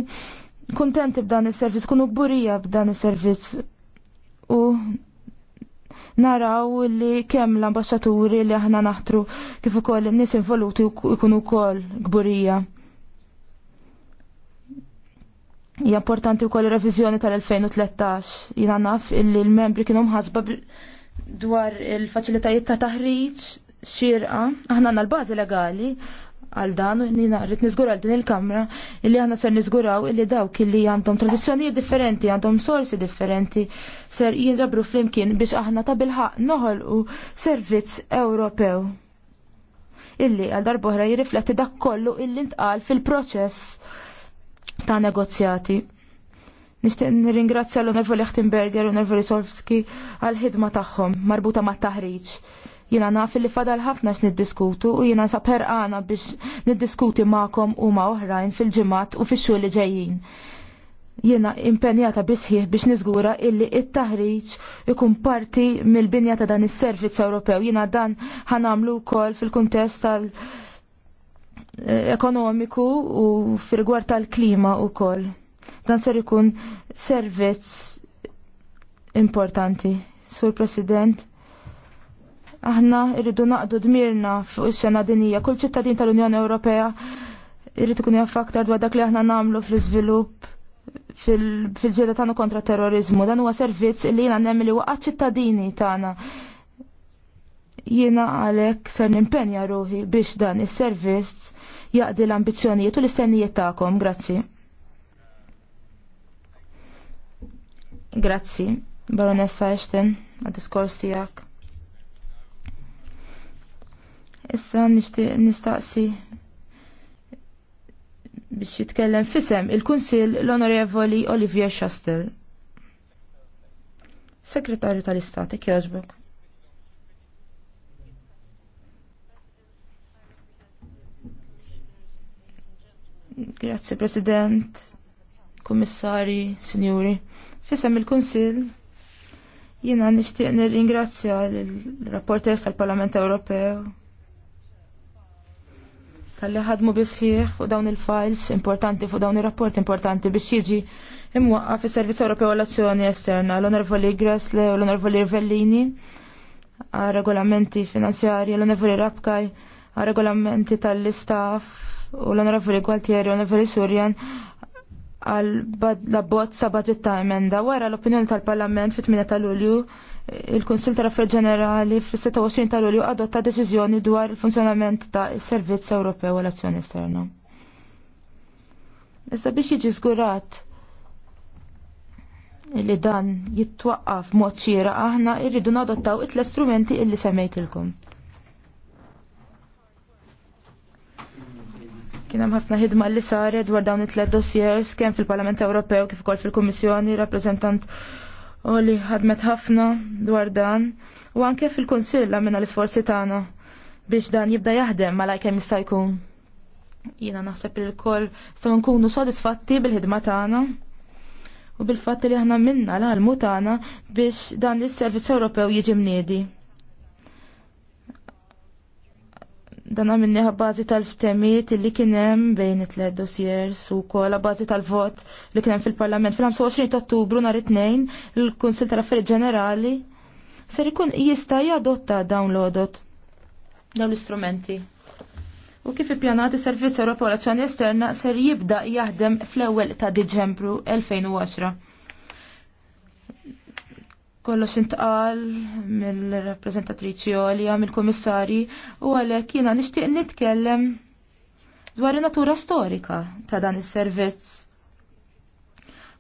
kuntenti b'dan is-servizz, kunu gburija b'dan is-servizz. U naraw li kemm l-ambasċaturi li aħna naħtru kif ukoll nies involuti jkunu wkoll gburija. Hija importanti wkoll ir-reviżjoni tal-2013. Jiena naf illi l-membri kienu mħasba dwar il-faċilitajiet ta' taħriġ xirqa, aħna għandna l-bażi legali għal dan u rrid niżgur għal din il-kamra illi aħna ser niżguraw illi dawk illi għandhom tradizzjonijiet differenti, għandhom sorsi differenti, ser jindrabru flimkien biex aħna ta' bilħaq noħolqu servizz Ewropew. Illi għal darbohra jirrifletti dak kollu illi ntqal fil-proċess ta' negozjati. Nishtiq nirringrazzja l-Onorevoli Lichtenberger u l-Onorevoli Solfski għal ħidma tagħhom marbuta ma' taħriġ Jina naf li fadal ħafna x niddiskutu u jina saper għana biex niddiskuti maqom u ma' oħrajn fil-ġimat u fix-xhur li ġejjin. Jina impenjata bisħieħ biex niżgura illi it-taħriġ ikun parti mill-binja ta' dan is-servizz Ewropew. Jina dan ħanamlu wkoll fil-kuntest tal- ekonomiku u fil-gwar tal-klima u kol. Dan ser ikun servizz importanti. Sur President, Aħna irridu naqdu dmirna fuq is-sena dinija. Kull ċittadin tal-Unjoni Ewropea irrid ikun jaf aktar dwar dak li aħna nagħmlu fl-iżvilupp fil ġieda tagħna kontra terrorizmu. Dan huwa servizz li jiena nemmi li waqgħat ċittadini tagħna. Jiena għalhekk ser nimpenja ruħi biex dan is-servizz jaqdi l-ambizzjonijiet u l-istennijiet tagħkom. Grazzi. Grazzi, Baronessa Ashton, għad-diskors tiegħek. Issa nixtieq nistaqsi biex jitkellem fisem il-Kunsil l-Onorevoli Olivier Chastel. Sekretarju tal-Istat, jogħġbok. Grazie President, Kommissari, Signori. Fisem il-Kunsil, jiena nixtieq nirringrazzja l-rapporters tal-Parlament Ewropew kalli ħadmu bisħiħ fuq dawn il-files importanti fuq dawn il-rapport importanti biex jiġi imwaqqa fi servizz Ewropew għall-Azzjoni Esterna l onorvoli Gressle u l onorvoli Rivellini għal regolamenti finanzjarji, l onorvoli Rabkaj għal regolamenti tal-istaff u l onorvoli Gualtieri u l onorvoli Surjan għal la bozza budget ta' emenda wara l-opinjoni tal-Parlament fit-8 ta' Lulju il kunsill tal-Affarijiet Ġenerali fis-26 ta' Lulju adotta deċiżjoni dwar il-funzjonament ta' il servizz Ewropew għal Azzjoni Esterna. Issa biex jiġi żgurat li dan jitwaqqaf mod xieraq aħna rridu nadottaw it-tlet strumenti illi semmejtilkom. Kien hemm ħafna ħidma li saret dwar dawn it-tlet dossiers kemm fil-Parlament Ewropew kif ukoll fil-Kummissjoni rappreżentant li ħadmet ħafna dwar dan u anke fil-Kunsill għamilna l-isforzi tagħna biex dan jibda jaħdem malaj kemm jista' jkun. Jiena naħseb li l-koll nkunu sodisfatti bil-ħidma tagħna u bil-fatt li aħna minna l-ħalmu tagħna biex dan is-servizz Ewropew jiġi mniedi. Dan għamilni bażi tal-ftemiet li kienem bejn it dossiers u kol bażi tal-vot li kienem fil-Parlament. Fil-25 ta' Ottubru nhar it-tnejn il-Kunsil tal-Affarijiet Ġenerali ser ikun jista' jadotta dawn l-odot dawn l-istrumenti. U kif ippjanati is-Servizz Ewropew Azzjoni Esterna ser jibda jaħdem fl-ewwel ta' Diċembru 2010 kollox intqal mill-rappresentatriċi għolja, mill-komissari, u għalek jina nishtiq nitkellem dwar natura storika ta' dan is-servizz.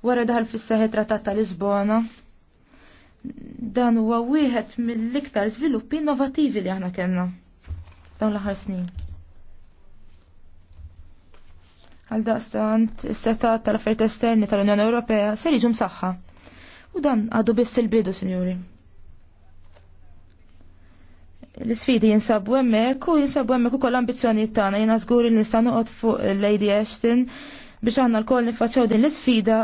Wara daħal fis seħi trattat ta' Lisbona, dan huwa wieħed mill-iktar żviluppi innovativi li aħna kellna dawn l-aħħar snin. Għal daqstant, is-setat tal-affarijiet esterni tal-Unjoni Ewropea ser jiġu msaħħa U dan għadu biss il-bidu, sinjuri. L-sfidi jinsabu emmek u jinsabu emmek u koll ambizjoni tana jina zguri li nistanu uqot fuq Lady Ashton biex għanna l koll nifacċaw din l-sfida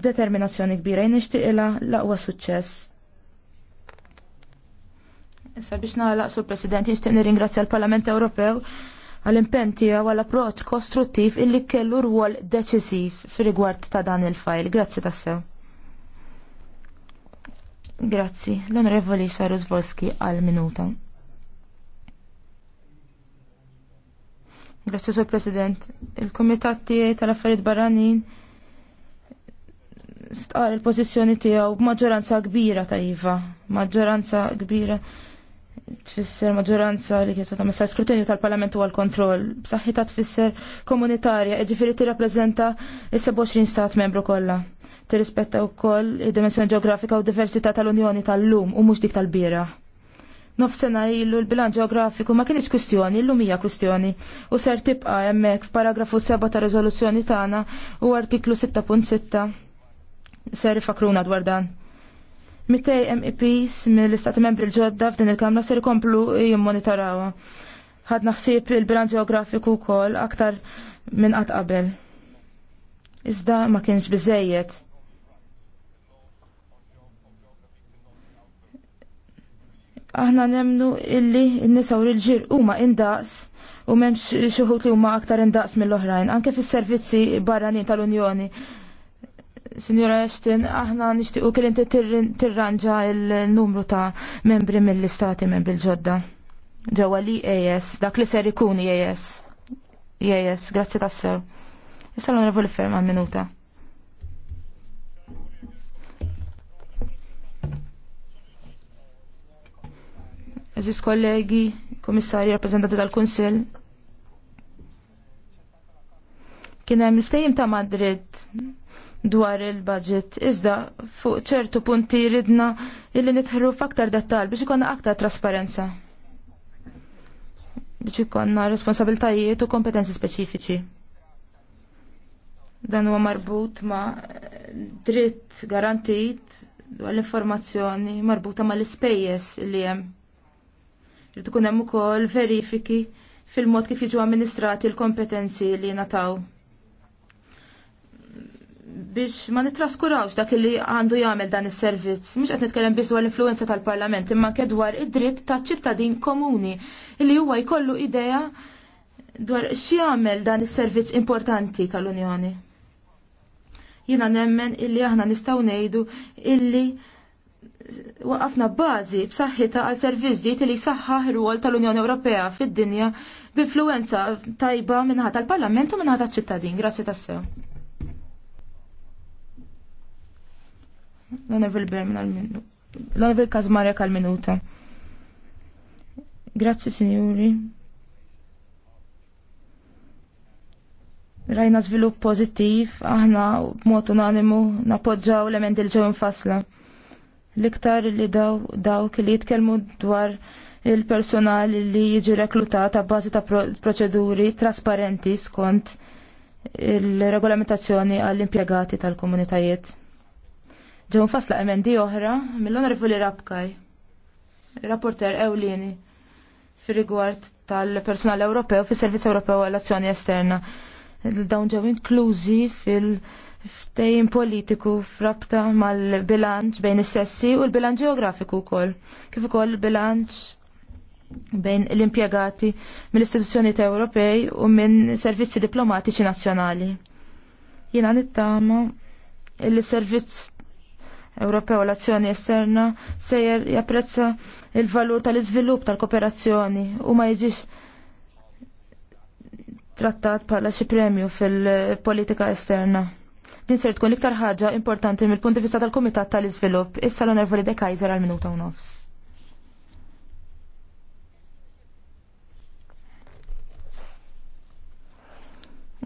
b'determinazzjoni kbira jina ixtiqila laqwa suċċess. Issa biex naħlaq sul President jishtiq nirringrazzja l-Parlament Ewropew għall-impenn tiegħu għall-approċċ kostruttiv illi kellu rwol deċisiv fir-rigward ta' dan il-fajl. Grazzi tassew. Grazzi, l-Onorevoli Sarus Volski għal minuta. Grazzi, Sur President. Il-Komitat tiegħi tal-Affarijiet Barranin stqar il-pożizzjoni tiegħu b'maġġoranza kbira ta' iva, maġġoranza kbira tfisser maġġoranza li kienet ta' messar skrutinju tal-Parlament u għal-kontroll. B'saħħitha tfisser komunitarja, jiġifieri tirrappreżenta is-27 stat membru kollha tirrispetta wkoll id-dimensjoni ġeografika u diversità tal-Unjoni tal-lum u mhux dik tal bira Nofsena ilu l-bilanċ ġeografiku ma kienx kwistjoni, illum hija kwistjoni u ser tibqa' hemmhekk f'paragrafu 7 ta' riżoluzzjoni tagħna u artiklu 6.6 ser ifakruna dwar dan. Mittej MEPs mill-Istati Membri l-ġodda f'din il-Kamra ser ikomplu jimmonitorawha. Ħadna ħsieb il-bilanċ ġeografiku wkoll aktar minn qatt qabel. Iżda ma kienx biżejjed aħna nemnu illi n nisaw u l huma indaqs u memx xuħut li huma aktar indaqs mill-oħrajn, anke fis-servizzi barranin tal-Unjoni. Signora Ashton, aħna nixtiequ kien inti tirranġa l-numru ta' membri mill-istati membri l-ġodda. Ġewwa li ES, dak li ser ikun ES. ES, grazzi tassew. Issa l-onorevoli ferma minuta. eżis kollegi, komissari, rappresentanti tal-Kunsill. Kien hemm il-ftehim ta' Madrid dwar il-budget. Iżda fuq ċertu punti ridna illi nitħru f'aktar dettal biex ikonna aktar trasparenza. Biex ikonna responsabiltajiet u kompetenzi speċifiċi. Dan huwa marbut ma' dritt garantit dwar l-informazzjoni marbuta mal-ispejjeż li hemm Irid ikun hemm ukoll verifiki fil-mod kif jiġu amministrati l-kompetenzi li nataw. Biex ma nitraskurawx dak li għandu jagħmel dan is-servizz, mhux qed nitkellem biss dwar l-influenza tal-Parlament, imma anke dwar id-dritt taċ-ċittadin komuni li huwa jkollu idea dwar jagħmel dan is-servizz importanti tal-Unjoni. Jiena nemmen illi aħna nistgħu ngħidu illi waqafna bażi b'saħħitha għal servizz ġdid li jsaħħaħ ir-rwol tal-Unjoni Ewropea fid-dinja b'influenza tajba minnaħa tal-Parlament u minnaħa tal-ċittadin. Grazzi tassew. L-Onorevole Bermin għal L-Onorevole Kazmarek għal-minuta. Grazzi, signori. Rajna żvilupp pożittiv, aħna b'mod unanimu napoġġaw l-emendi l-ġew infasla l-iktar li daw dawk li jitkellmu dwar il-personal li jiġi reklutat ta' bażi ta' proċeduri trasparenti skont il-regolamentazzjoni għall-impjegati tal-komunitajiet. Ġew fasla emendi oħra mill-onorevoli Rabkaj, rapporter Ewlieni fir-rigward tal-personal Ewropew fis-Servizz Ewropew għall-Azzjoni Esterna. Dawn ġew inklużi fil- ftejn politiku frabta mal-bilanċ bejn is-sessi u l-bilanċ ġeografiku wkoll. Kif ukoll bilanċ bejn l-impjegati mill-istituzzjonijiet Ewropej u minn servizzi diplomatiċi nazzjonali. Jiena nittama il-servizz Ewropew l-azzjoni esterna sejjer japprezza il-valur tal-iżvilupp tal-kooperazzjoni u ma jiġix trattat bħala xi premju fil-politika esterna. Din ser tkun iktar ħaġa importanti mill punti vista tal-Kumitat tal-Iżvilupp. Issa l-Onorevoli De Kaiser għal minuta u nofs.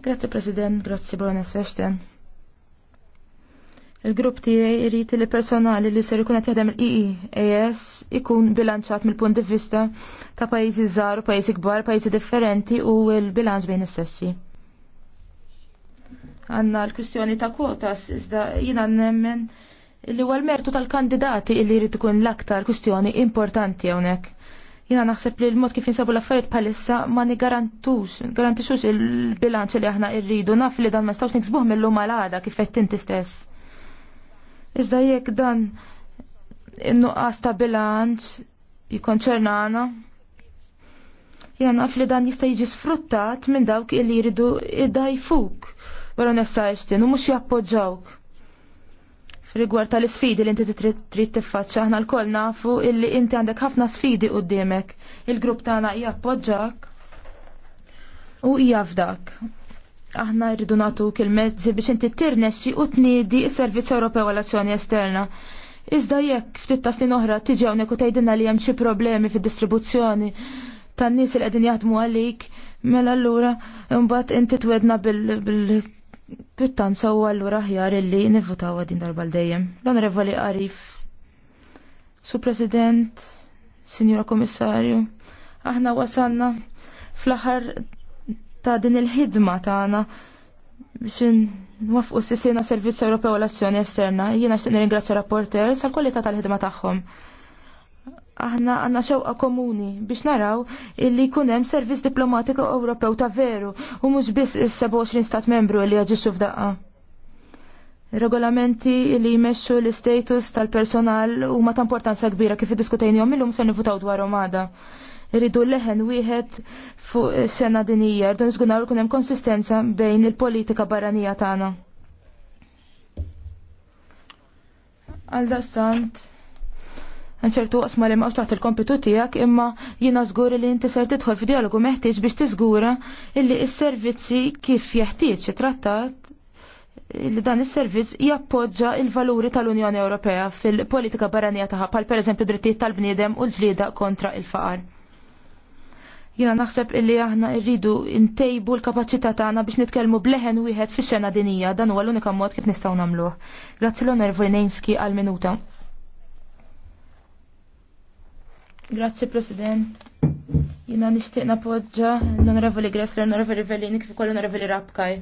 Grazie President, grazie Baroness Sesten. Il-grupp tiegħi jrid li personali li ser ikun qed jaħdem il-EEAS ikun bilanċat mill-punt di vista ta' pajjiżi żgħar u pajjiżi kbar, pajjiżi differenti u l-bilanċ bejn is-sessi. Għanna l-kwistjoni ta' kwotas, iżda jina nemmen li huwa l-mertu tal-kandidati illi jrid ikun l-aktar kwistjoni importanti hawnhekk. Jina naħseb li l-mod kif insabu l-affarijiet bħalissa ma nigarantux, garantixux il-bilanċ li aħna rridu, naf li dan ma stawx niksbuh mill-lum għal kif qed inti stess. Iżda jekk dan in-nuqqas ta' bilanċ jikonċernana. Jena naf li dan jista' jiġi sfruttat minn dawk illi jridu id-dajfuk Baronessa Ashton, u mhux jappoġġawk. Rigward tal-sfidi li inti trid tiffaċċa aħna lkoll nafu illi inti għandek ħafna sfidi quddiemek. Il-grupp tagħna jappoġġak u hija f'dak. Aħna rridu nagħtuk il-mezzi biex inti tirnexxi u tniedi s-Servizz Ewropew għall-Azzjoni Esterna. Iżda jekk ftit snin oħra tiġi hawnhekk u tgħidilna li hemm xi problemi fid-distribuzzjoni tan-nies li qegħdin jaħdmu għalik, mela allura mbagħad inti twedna bil Pittan sawu għallu raħjar illi nivvutaw għadin darba l-dejjem. L-Onorevoli Arif, su President, Signora Komissarju, aħna wasanna fl-aħħar ta' din il-ħidma tagħna biex nwafqu s-sissina Servizz Ewropew l-Azzjoni Esterna. Jiena xtieq nirringrazzja rapporter sal-kwalità tal-ħidma tagħhom aħna għanna xewqa komuni biex naraw illi kunem servizz diplomatiku Ewropew ta' veru u mhux biss is-27 stat membru li jaġixxu f'daqqa. Regolamenti li jmexxu l-istatus tal-personal huma ta' importanza kbira kif iddiskutejnihom illum se nivutaw dwar omada. Irridu leħen wieħed fuq sena dinija, rridu nżgunaw kun hemm konsistenza bejn il-politika barranija tagħna. Għal dastant ċertu qasma li maqf il-kompitu tiegħek imma jiena żgur li inti ser tidħol f'dialogu meħtieġ biex tiżgura illi s-servizzi kif jeħtieġ trattat li dan is-servizz jappoġġa il-valuri tal-Unjoni Ewropea fil-politika barranija tagħha bħal pereżempju drittijiet tal-bniedem u l-ġlieda kontra il-faqar. Jiena naħseb illi aħna rridu ntejbu l-kapaċità tagħna biex nitkellmu bleħen wieħed fix-xena dinija dan huwa l-unika mod kif nistgħu nagħmluh. Grazzi l onor Nejnski għal-minuta. Grazzi President. Jina nishtiq napoġġa l-Onorevoli Gress, l-Onorevoli Vellini, kif ukoll l-Onorevoli Rabkaj.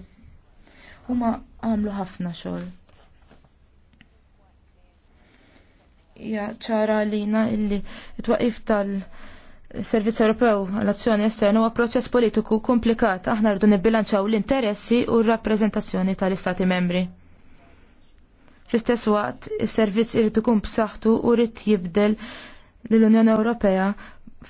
Huma għamlu ħafna xogħol. Ja ċara lina illi twaqif tal- Servizz Ewropew għall-azzjoni esterna huwa proċess politiku komplikat aħna rridu nibbilanċaw l-interessi u r-rappreżentazzjoni tal-Istati membri. Fl-istess waqt, is-servizz irid ikun b'saħħtu u rrid jibdel l-Unjoni Ewropea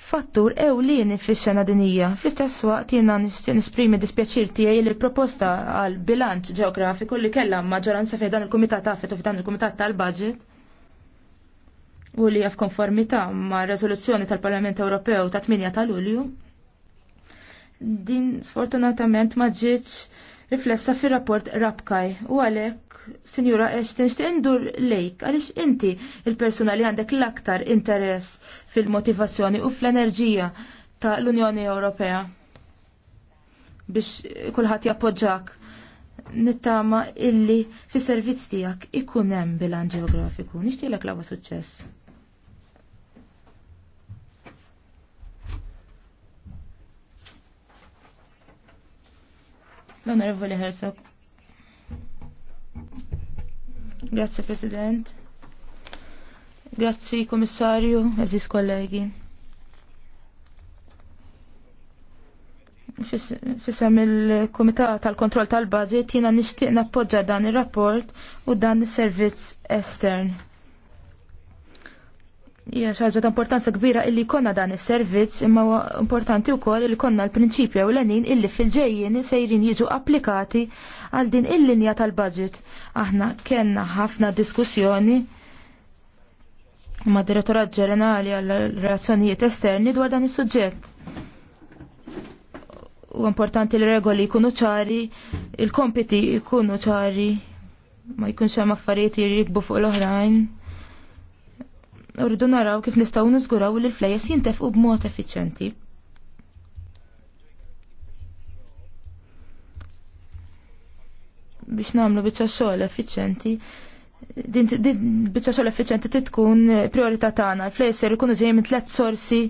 fattur ewlieni fix-xena dinija. Fl-istess waqt jiena nisprimi dispjaċir tiegħi li l-proposta għal bilanċ ġeografiku li kellha maġġoranza fejn dan il-Kumitat Afet u f'dan il-Kumitat tal-Budget u li għaf f'konformità ma' rezoluzzjoni tal-Parlament Ewropew ta' 8 ta' Lulju. Din sfortunatament ma ġietx riflessa fir-rapport Rabkaj u għalhekk Sinjura Ashton, xti indur lejk, għalix inti il-persuna li għandek l-aktar interess fil-motivazzjoni u fl-enerġija ta' l-Unjoni Ewropea biex kullħat jappoġġak nittama illi fi servizz tijak ikun hemm bilan ġeografiku. Nixtielek l-għawa suċċess. L-Onorevoli Herzog, Grazie President. Grazzi Commissario, Aziz kollegi. Fissam il-Komitat tal-Kontroll tal-Budget jina nishtiq nappoġġa dan il-rapport u dan il-servizz estern. Ja, xaġġa ta' importanza kbira illi konna dan il-servizz imma importanti u koll illi konna l-prinċipju u l-għanin illi fil-ġejjien sejrin jiġu applikati għal din il-linja tal-budget. Aħna kena ħafna diskussjoni ma' direttorat ġenerali għal relazzjonijiet esterni dwar dan is-suġġett. U importanti li regoli jkunu ċari, il-kompiti jkunu ċari, ma jkunx hemm affarijiet jirikbu fuq l-oħrajn. Urridu naraw kif nistgħu niżguraw li l-flejes jintefqu b'mod effiċjenti. biex namlu biċa xogħol effiċenti. Din, din xogħol effiċenti titkun priorità tagħna. Flejser ikunu ġej minn tliet sorsi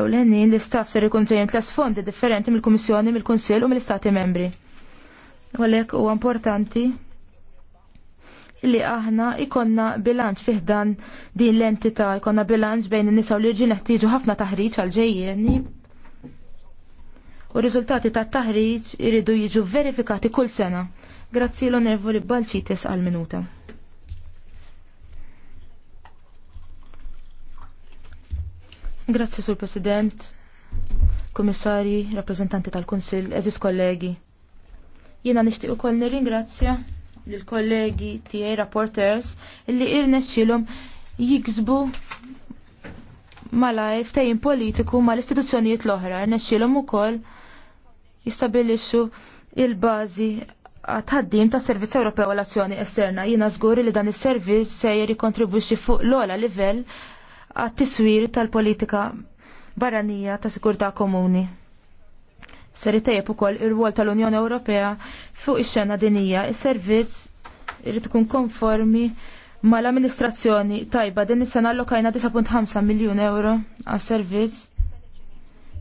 ewlenin l-istaff ser ikun ġej minn tliet fondi differenti mill-Kummissjoni, mill-Kunsill u mill-Istati Membri. U għalhekk huwa importanti li aħna ikonna bilanċ fiħdan din l-entità, ikonna bilanċ bejn in-nisa u l-irġiel ħafna taħriġ għal ġejjeni u r-riżultati ta' taħriġ iridu jiġu verifikati kull sena. Grazzi l-onervu li balċitis għal minuta. Grazzi, Sur President, Komissari, Rappresentanti tal kunsil eżis kollegi. Jena nishtiq u koll nirringrazzja l-kollegi tiegħi rapporters illi irnexxilhom jiksbu malajr ftejjin politiku mal-istituzzjonijiet l-oħra, irnexxilhom ukoll jistabilixxu il-bażi għadħaddim ta' Servizz Ewropew għal Azzjoni Esterna. Jiena żguri li dan is-servizz se jirikontribwixxi fuq l-ogħla livell għat-tiswir tal-politika barranija ta' sigurtà komuni. Ser itejjeb ukoll ir-rwol tal-Unjoni Ewropea fuq ix-xena dinija. Is-servizz irid ikun konformi mal-amministrazzjoni tajba din is-sena allokajna 9.5 miljun euro għas-servizz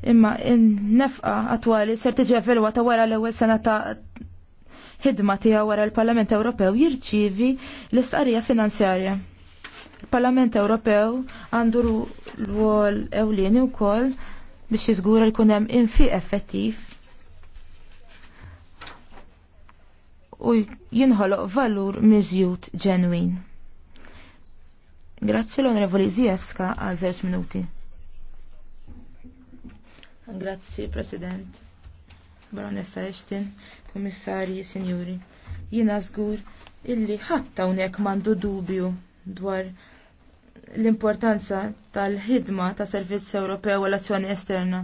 imma n-nefqa attuali ser tiġi evelwa ta' wara l-ewwel sena ta' ħidma tiegħu wara l-Parlament Ewropew jirċievi l-istqarrija finanzjarja. Il-Parlament Ewropew għandu l-wol ewlieni wkoll biex jiżgura jkun hemm infi effettiv u jinħoloq valur miżjud ġenwin. Grazzi l-Onorevoli Zijewska għal żewġ minuti. Grazzi, President. Baronessa Eshtin, Komissarji, Sinjuri. Jina żgur illi ħatta unek mandu dubju dwar l-importanza tal-ħidma ta' Servizz Ewropew u l-azzjoni esterna.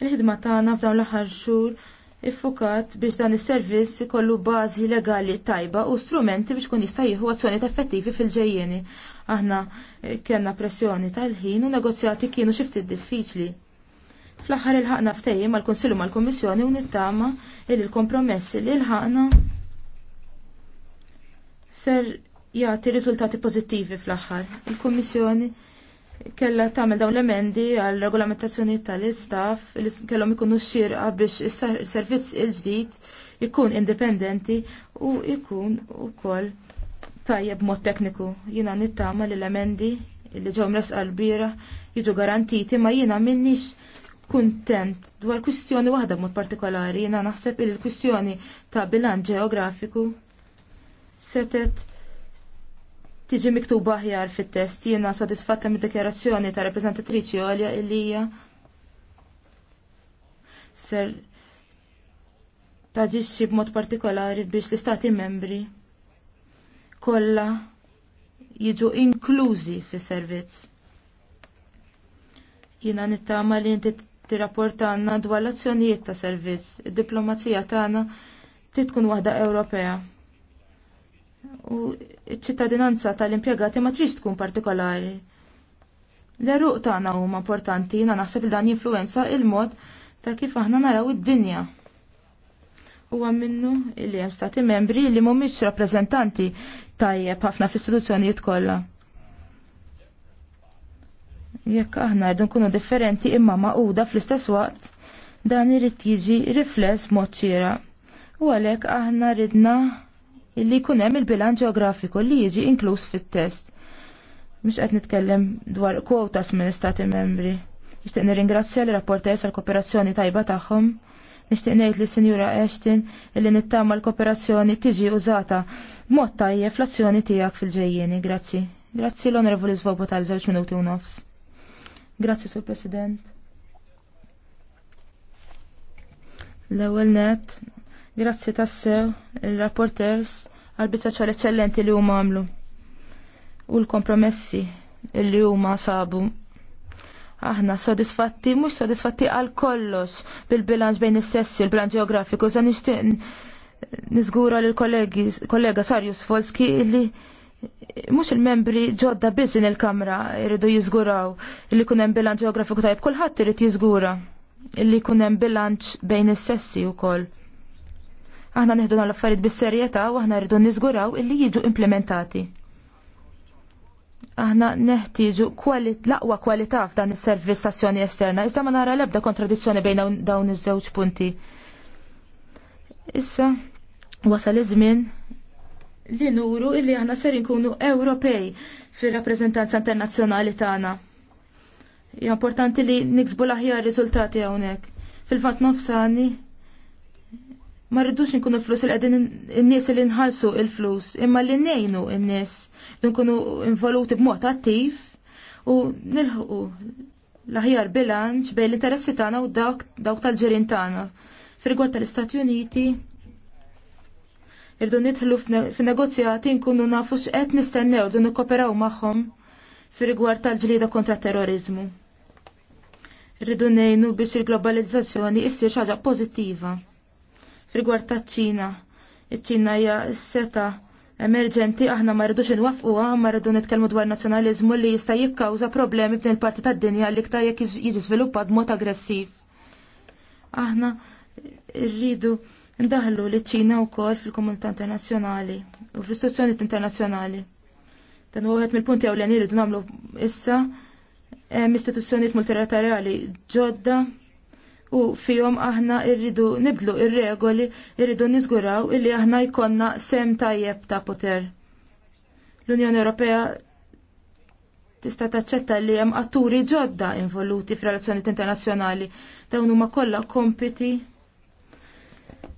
Il-ħidma tagħna f'dawn l-aħħar xhur iffukat biex dan is-servizz ikollu bażi legali tajba u strumenti biex kun jista' jieħu azzjoni effettivi fil-ġejjeni. Aħna eh, kellna pressjoni tal-ħin u negozjati kienu xi ftit diffiċli Fl-aħħar il-ħakna ftejjem mal-Konsillu mal-Kommissjoni u nittama il il-kompromessi li l-ħakna ser jagħti riżultati pożittivi fl-aħħar. Il-Kommissjoni kella tagħmel dawn l-emendi għal regolamentazzjoni tal-istaff li kellhom ikunu xxirqa biex is-servizz il-ġdid ikun indipendenti u ikun ukoll tajjeb mod tekniku. Jiena nittama li l-emendi li ġew mresqa l-bira jiġu garantiti ma jiena minnix kuntent dwar kwistjoni waħda mod partikolari jiena naħseb il kwistjoni ta' bilan ġeografiku setet tiġi miktuba aħjar fit-test jiena sodisfatta mid dekjarazzjoni ta' reprezentatriċi għolja ilija ser taġixxi b'mod partikolari biex l-istati membri kollha jiġu inklużi fis-servizz jina nittama li inti tirrapportanna dwar l-azzjonijiet ta' servizz. Id-diplomazija tagħna trid tkun waħda Ewropea. U ċ-ċittadinanza tal-impjegati ma trix tkun partikolari. L-eruq tagħna huma importanti, na naħseb li dan jinfluwenza il-mod ta' kif aħna naraw id-dinja. Huwa minnu li hemm stati membri li mhumiex rappreżentanti tajjeb ħafna fl-istituzzjonijiet kollha. Jekk aħna rridu nkunu differenti imma maquda fl-istess waqt, dan irid jiġi rifless mod ċira. U għalhekk aħna ridna li jkun hemm il-bilanċ ġeografiku li jiġi inkluż fit-test. Mhux qed nitkellem dwar kwotas minn istati membri. Nixtieq nirringrazzja l rapporters tal kooperazzjoni tajba tagħhom. Nixtieq ngħid li Sinjura Ashton li nittama l-kooperazzjoni tiġi użata mod tajjeb fl-azzjoni tiegħek fil-ġejjieni. Grazzi. Grazzi l-Onorevoli Svoboda tal żewġ minuti u nofs. Grazzi, Sur President. L-ewwel net, grazzi tassew il-rapporters għal-bitaċa l-eccellenti li huma għamlu u l-kompromessi li huma sabu aħna sodisfatti, mux sodisfatti għal kollox bil-bilanċ bejn is-sessi, il-bilanċ ġeografiku, za nixtieq niżgura lill kollega Sarju Sfolski li mux il-membri ġodda biss din il-kamra irridu jizguraw li kunem bilanċ ġeografiku tajb kulħadd irid jiżgura li kunem bilanċ bejn is-sessi wkoll. Aħna neħdu l-affarijiet bis-serjetà u aħna rridu niżguraw illi jiġu implementati. Aħna neħtieġu l-aqwa kwalità f'dan is-servizz tazzjoni esterna, issa ma nara l-ebda kontradizzjoni bejn dawn iż-żewġ punti. Issa wasal iż-żmien li nuru illi aħna ser nkunu Ewropej fir-rappreżentanza internazzjonali tagħna. Hija importanti li niksbu l-aħjar riżultati hawnhekk. Fil-fatt nofsani ma rridux nkunu flus il qegħdin in-nies li nħallsu il-flus, imma li ngħinu n-nies nkunu involuti b'mod attiv u nilħu l-aħjar bilanċ bejn l-interessi tagħna u dawk tal-ġirien tagħna. Fir-rigward tal-Istati Uniti, irdu nidħlu f'negozjati nkunu nafu x'qed nistennew irdu nikkoperaw magħhom fir-rigward tal-ġlida kontra terrorizmu. Irridu ngħinu biex il-globalizzazzjoni issir xi ħaġa pożittiva. Fir-rigward taċ-Ċina, iċ-Ċina hija seta emerġenti aħna ma rridux inwaffquha ma rridu nitkellmu dwar nazzjonaliżmu li jista' jikkawża problemi f'din il-parti tad-dinja li iktar jekk jiġi żviluppat b'mod aggressiv. Aħna rridu Ndaħlu li ċina wkoll fil-komunità internazzjonali u fl-istituzzjonijiet internazzjonali. Dan huwa wieħed mill-punti ewlenin li nagħmlu issa hemm istituzzjonijiet multilaterali ġodda u fihom aħna rridu nibdlu ir-regoli, rridu niżguraw illi aħna jkollna sem tajjeb ta' poter. L-Unjoni Ewropea tista' taċċetta li hemm atturi ġodda involuti f'relazzjonijiet internazzjonali dawn huma kollha kompiti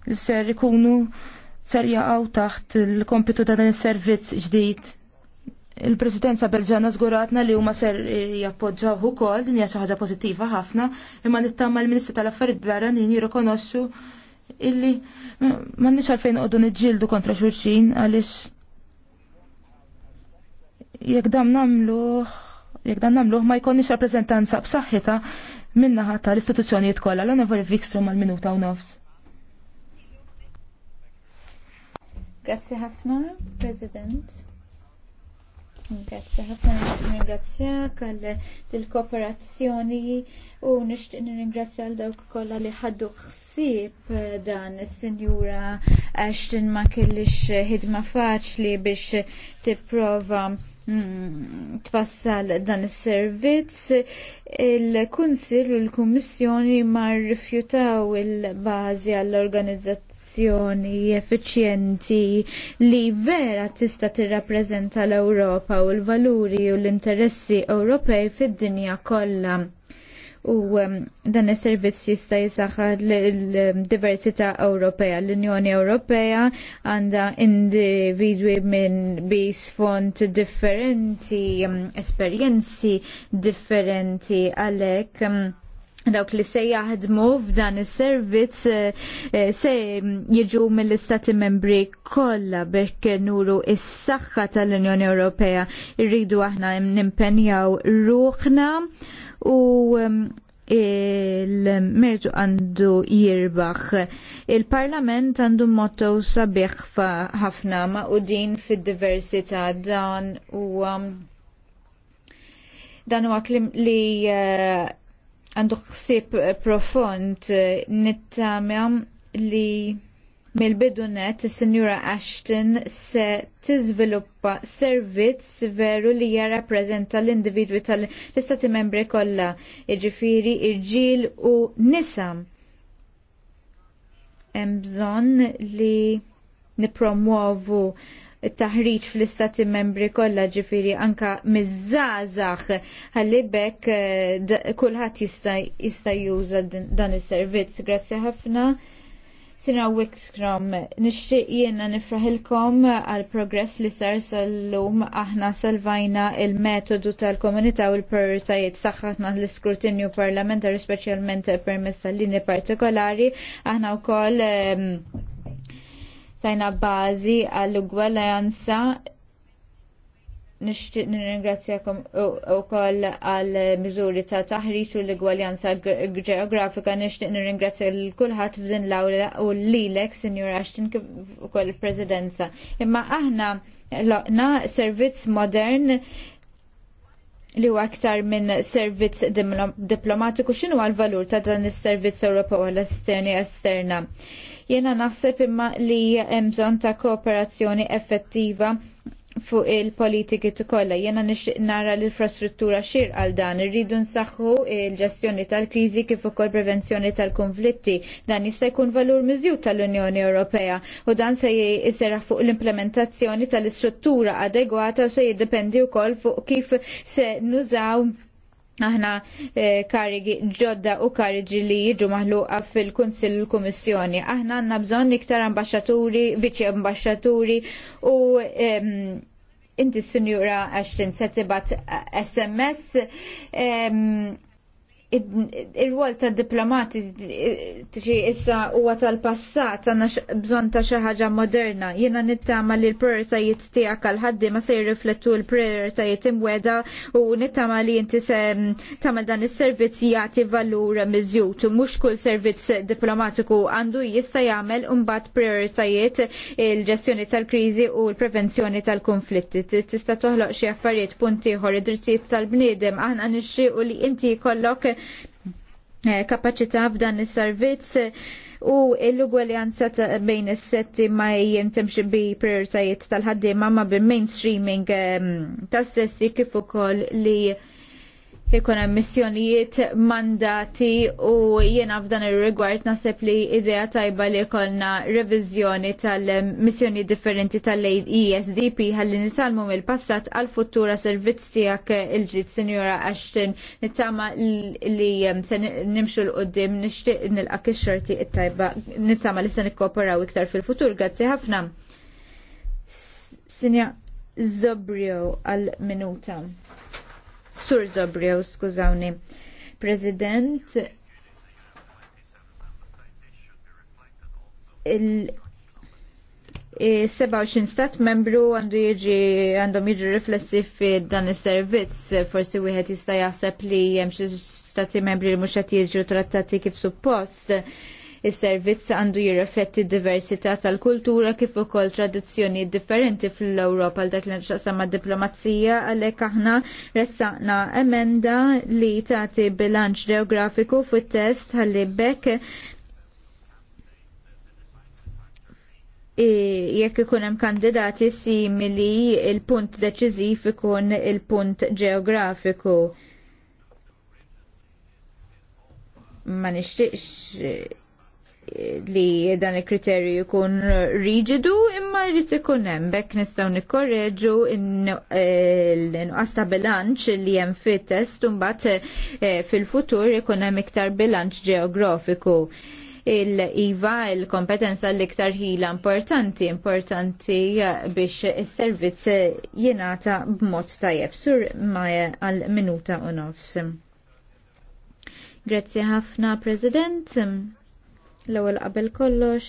ser ikunu ser jaqgħu taħt il-kompitu ta' dan is-servizz ġdid. Il-Presidenza Belġana żguratna li huma ser jappoġġaw ukoll din hija xi ħaġa pożittiva ħafna, imma nittama l-Ministru tal-Affarijiet Barranin jirrikonoxxu illi m'għandniex għalfejn qogħdu niġġieldu kontra xulxin għaliex jekk dam nagħmluh jekk dan nagħmluh ma jkollniex rappreżentanza b'saħħitha minnaħa tal-istituzzjonijiet kollha l-onorevoli Vikstrom għal-minuta u nofs. Grazzi ħafna, President. Grazzi ħafna, ringrazzjak għal dil-kooperazzjoni u nishtiq ringrazzja għal dawk kollha li ħaddu ħsieb eh, dan is-Sinjura Ashton ma kellix ħidma faċli biex tipprova mm, tfassal dan is-servizz. Il-Kunsill u l-Kummissjoni ma rrifjutaw il-bażi għall-organizzazzjoni azzjoni effiċjenti li vera tista tirrappreżenta l-Ewropa u l-valuri u l-interessi Ewropej fid-dinja kollha. U dan is-servizz jista' jisaħħar l-diversità Ewropea. L-Unjoni Ewropea għandha individwi minn biss font differenti, esperjenzi differenti għalhekk dawk li se jaħdmu f'dan is-servizz eh, eh, se jiġu mill-istati membri kollha bekk nuru is-saħħa tal-Unjoni Ewropea rridu aħna nimpenjaw ruħna u mm, il-merġu għandu jirbaħ. Il-parlament għandu motto sabiħ ħafna ma' u din fid-diversità dan u dan huwa klim li uh, għandu ħsieb eh, profond eh, nittamjam li mill-bidu net is-Sinjura Ashton se tiżviluppa servizz veru li prezenta l-individwi tal-istati membri kollha, jiġifieri irġiel u nisa. Hemm bżonn li nipromuovu it taħriġ fl-istati membri kollha ġifiri anka miż-żgħażagħ ħalli bekk eh, kulħadd jista' juża dan is-servizz. Grazzi ħafna. Sina Wikskrom, nixtieq jiena nifraħilkom għal progress li sar sal-lum aħna salvajna il-metodu tal-komunità u l-prioritajiet saħħatna l-iskrutinju parlamentari speċjalment permess tal-lini partikolari aħna wkoll ehm, tajna bażi għall-ugwaljanza nishtiq nirringrazzjakom ukoll għal miżuri ta' taħriġ u l-igwaljanza ġeografika nixtieq nirringrazzja lil kulħadd f'din l-awla u lilek Sinjur Ashton kif ukoll il-Presidenza. Imma aħna loqna servizz modern li huwa aktar minn servizz diplomatiku x'inhu l-valur ta' dan is-servizz Ewropew għall esterni esterna. Jena naħseb imma li hemm bżonn ta' kooperazzjoni effettiva fuq il-politiki tkollha jiena nixtieq nara l-infrastruttura xir għal dan irridu nsaħħu il-ġestjoni tal-kriżi kif ukoll prevenzjoni tal-konflitti dan jista' jkun valur miżjud tal-Unjoni Ewropea u dan se jiseraħ fuq l-implementazzjoni tal-istruttura adegwata u se jiddependi wkoll fuq kif se nużaw aħna eh, karigi ġodda u karigi li jiġu maħluqa fil-Kunsill l-Kummissjoni. Aħna għandna bżonn iktar ambasċaturi, viċi ambasċaturi u inti s-sinjura għaxtin se tibat SMS eh, il-rwol ta' diplomati issa huwa tal-passat għandna bżonn ta' xi ħaġa moderna. Jiena nittama li l-prioritajiet tiegħek għal ħaddi ma se jirriflettu l-prioritajiet imweda u nittama li inti se mm, tagħmel dan is-servizz jagħti valur miżjut. Mhux kull servizz diplomatiku għandu jista' jagħmel imbagħad prioritajiet il-ġestjoni tal-kriżi u l-prevenzjoni tal-konflitti. Tista' toħloq xi affarijiet punti ieħor id-drittijiet tal-bniedem aħna nixtiequ li inti jkollok Eh, kapacità f'dan is-servizz eh, u l-ugwaljanza bejn is-setti ma jintemx bi prioritajiet tal-ħaddiema ma bi mainstreaming eh, tas-sessi kif ukoll li jekun hemm missjonijiet mandati u jiena f'dan ir-rigward naħseb li idea tajba li jkollna reviżjoni tal-missjoni differenti tal-ESDP ħalli nitalmu mill-passat għal futura servizz tiegħek il-ġid Sinjora Ashton nittama li um, se nimxu l-qoddim nixtieq nilqa' xorti t tajba nittama li se nikkooperaw iktar fil-futur. Grazzi ħafna. Sinja Zobrio għal-minuta. Sur Zobrio, skużawni. President, il 27 e, stat membru għandu jieġi għandhom jiġi riflessi fi dan is-servizz, forsi wieħed jista' jaħseb li hemm xi stati membri li mhux qed jiġu trattati kif suppost. Is-servizz għandu jirrifletti diversità tal-kultura kif ukoll tradizzjoni differenti fl-Ewropa għal dak li nxaqsam diplomazija għalhekk aħna ressaqna emenda li tagħti bilanċ geografiku fit-test ħalli bekk jekk ikun hemm kandidati simili il-punt deċiżiv ikun il-punt ġeografiku. Ma nixtieqx li dan il-kriterju jkun rigidu imma jrid ikun hemm bekk nistgħu nikkorreġu eh, l-nuqqas ta' bilanċ li hemm fit-test imbagħad mbagħad eh, fil-futur ikun hemm iktar bilanċ ġeografiku il-IVA, il-kompetenza l-iktar ħila importanti, importanti eh, biex il-servizz jenata b'mod tajjeb sur ma għal-minuta u nofs. Grazie ħafna, President. L-ewwel qabel kollox.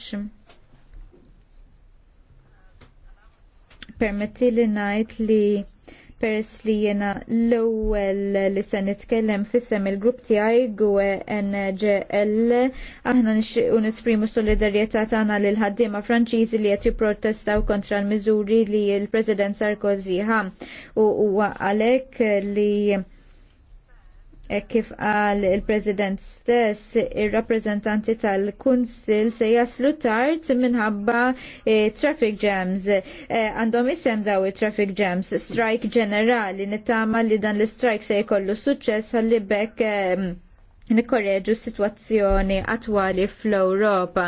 Permetti li ngħid li peress li jiena l-ewwel li se nitkellem fis-sem il-grupp tiegħi gwe NGL aħna nixtiequ nisprimu solidarjetà tagħna lil ħaddiema Franċiżi li qed jipprotestaw kontra l-miżuri li l-President Sarkozy ħa u huwa għalhekk li E kif qal il-President stess, ir-rappreżentanti il president stess ir rappreżentanti tal kunsil se jaslu tard minħabba e, traffic jams. E, għandhom isem daw traffic jams, strike ġenerali, nittama li dan l-strike se jkollu suċċess għalli bekk nikkorreġu s-situazzjoni attwali fl-Europa.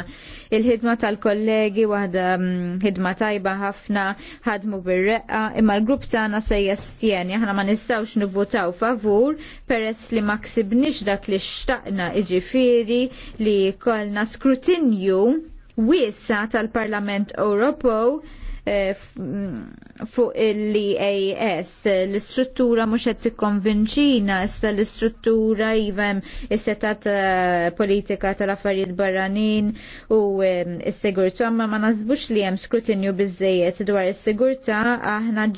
Il-ħidma tal-kollegi waħda mm, ħidma tajba ħafna ħadmu bir-reqqa, imma l-grupp tagħna se jestjeni, aħna ma nistgħux nivvutaw favur peress li ma ksibniex dak li xtaqna iġifieri li kollna skrutinju wiesa tal-Parlament Ewropew Eh, mm, fuq l-EAS. L-istruttura mhux qed tikkonvinċina issa l-istruttura jivem is-setat eh, politika tal-affarijiet barranin u eh, s-sigurtà ma ma nazbux li hemm skrutinju biżejjed dwar is-sigurtà aħna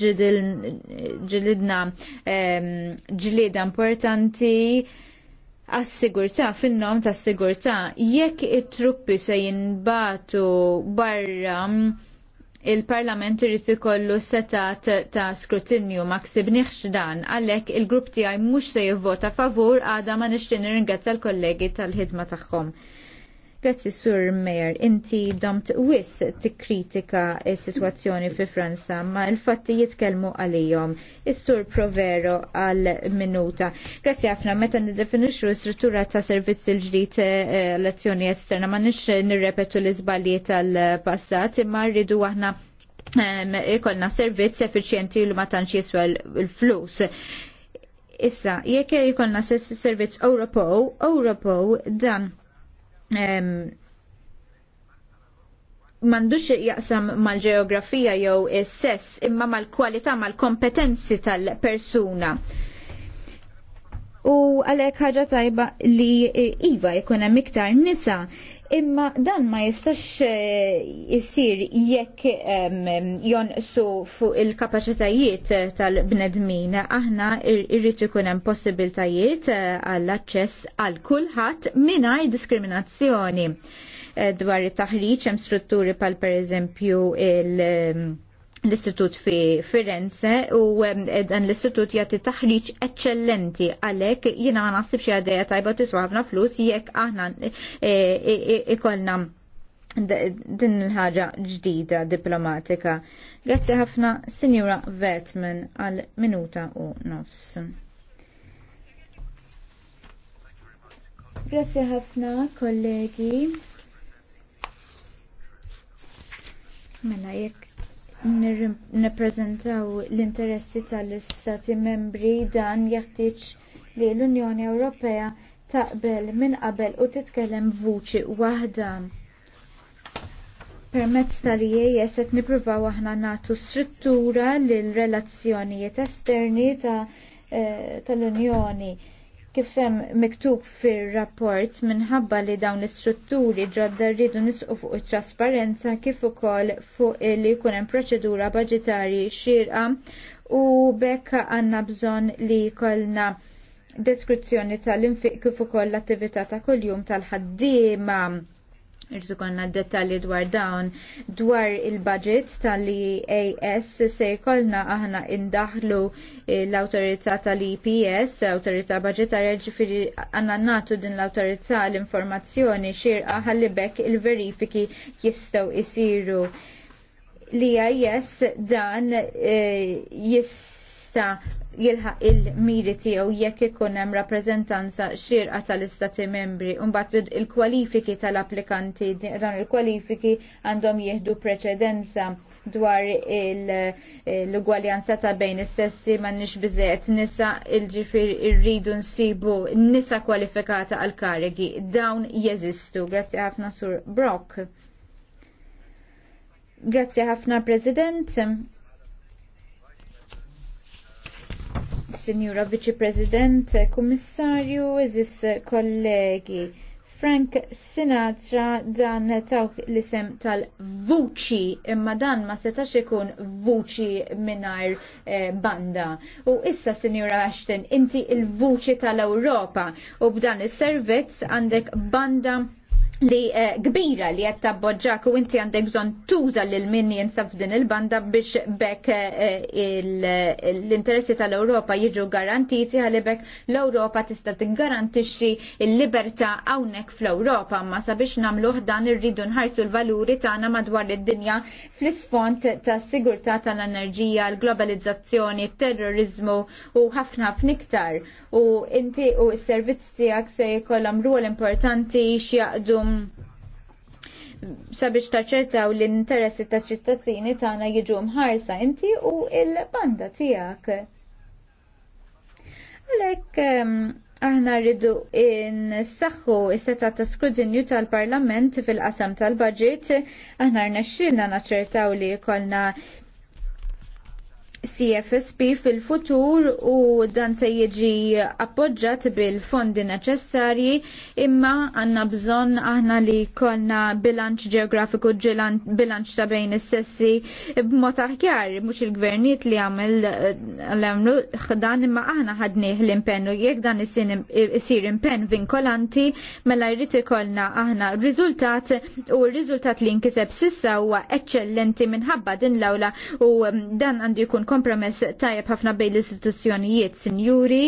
ġilidna ehm, ġlieda importanti għas sigurta fin-nom tas-sigurtà jekk it-truppi se jinbatu barra mm, il-Parlament irid ikollu setat ta' skrutinju ma ksibniħx dan għalhekk il-grupp tiegħi mhux se jivvota favur għada ma nixtieq nirringrazzja l-kollegi tal-ħidma tagħhom. Grazzi Sur Meyer, inti domt wis tikkritika s-sitwazzjoni fi Franza, ma l-fatti jitkellmu għalihom. Is-Sur Provero għal minuta. Grazzi ħafna meta nidefinixxu struttura ta' servizz il-ġdid eh, l-azzjoni esterna ma nix nirrepetu l-iżbalji tal-passat, imma rridu aħna ikolna servizz effiċjenti li ma tantx jiswa l-flus. Issa, jekk ikolna servizz Ewropew, Ewropew dan mandux jaqsam mal-ġeografija jew is-sess imma mal-kwalità mal-kompetenzi tal-persuna. U għalhekk ħaġa tajba li eh, iva jkun hemm iktar nisa imma dan ma jistax eh, jisir jekk jonqsu fuq il-kapacitajiet eh, tal-bnedmin. Aħna irrid ikun hemm possibiltajiet eh, għall-aċċess għal kulħadd mingħajr diskriminazzjoni dwar it-taħriġ hemm strutturi pal pereżempju il- l-istitut fi Firenze u dan l-istitut jagħti taħriġ eċċellenti għalhekk jiena ma naħsibx għadeja tajba tiswa ħafna flus jekk aħna e, e, e, ikolna din il-ħaġa ġdida diplomatika. Grazzi ħafna Sinjura Vetman għal minuta u nofs. Grazzi ħafna kollegi. Mela jekk nirrepreżentaw l-interessi tal-istati membri dan jaħtieġ li l-Unjoni Ewropea taqbel minn qabel u titkellem vuċi waħda. Permezz tal-IES qed nippruvaw aħna nagħtu struttura lil relazzjonijiet esterni eh, tal-Unjoni. Ta Kif hemm miktub fir-rapport minħabba li dawn l-istrutturi ġodda rridu nisqu fuq it-trasparenza kif ukoll fuq li jkun hemm proċedura baġitarji xierqa u bekk għandna bżonn li jkollna deskrizzjoni tal-infiq kif ukoll l-attività ta' kuljum tal-ħaddiema. Irridu konna dettalji dwar dawn dwar il-budget tal-EAS se jkollna aħna indaħlu eh, l awtorità tal-EPS, autorità budgetarja ġifiri għanna natu din l-autorità l-informazzjoni xirqa ħalli bekk il-verifiki jistaw isiru. L-EAS dan jistaw eh, jis jista' jilħaq il-miri tiegħu jekk ikun hemm rappreżentanza xirqa tal-istati membri u mbagħad il-kwalifiki tal-applikanti dan il-kwalifiki għandhom jieħdu preċedenza dwar l-ugwaljanza ta' bejn is-sessi m'għandniex biżejjed nisa il-ġifier irridu nsibu nisa kwalifikata għal karigi dawn jeżistu. Grazzi ħafna Sur Brock. Grazzi ħafna President Signora Viċi President, Kummissarju, Eżis kollegi. Frank Sinatra dan tawk l-isem tal-vuċi, imma dan ma setax ikun vuċi minnajr eh, banda. U issa, Signora Ashton, inti il-vuċi tal-Europa u b'dan is-servizz għandek banda li eh, kbira li qed tabboġġak u inti għandek bżonn tuża lil min jinsab din il-banda biex bekk eh, l-interessi tal-Ewropa jiġu garantiti għalibek l-Ewropa tista' t-garantixi l-libertà hawnhekk fl-Ewropa ma sabiex nagħmluh dan irridu nħarsu l-valuri tagħna madwar id-dinja fl-isfond tas-sigurtà tal-enerġija, l-globalizzazzjoni, terrorizmu u ħafna ħafna iktar. U inti u s servizzi tiegħek se jkollhom rwol importanti x'jaqdu sabiex taċċertaw l-interessi ta' ċittadini tagħna jiġu mħarsa inti u il-banda tiegħek. Għalhekk ehm, aħna rridu nsaħħu is-seta ta' skrutinju tal-Parlament fil-qasam tal-Baġit, aħna rnexxilna naċċertaw li jkollna CFSP fil-futur u dan se jiġi appoġġat bil-fondi neċessarji imma għanna bżon aħna li kollna bilanċ ġeografiku bilanċ ta' bejn is-sessi b'mod aħjar mhux il-gvernijiet li għamel eh, għamlu ħdan imma aħna ħadnieh l-impennu jekk dan isir impenn vinkolanti mela jrid ikollna aħna riżultat u r-riżultat li nkiseb sissa huwa eċċellenti minħabba din l-awla u mm, dan għandu jkun kompromess tajjeb ħafna bejn l-istituzzjonijiet, sinjuri.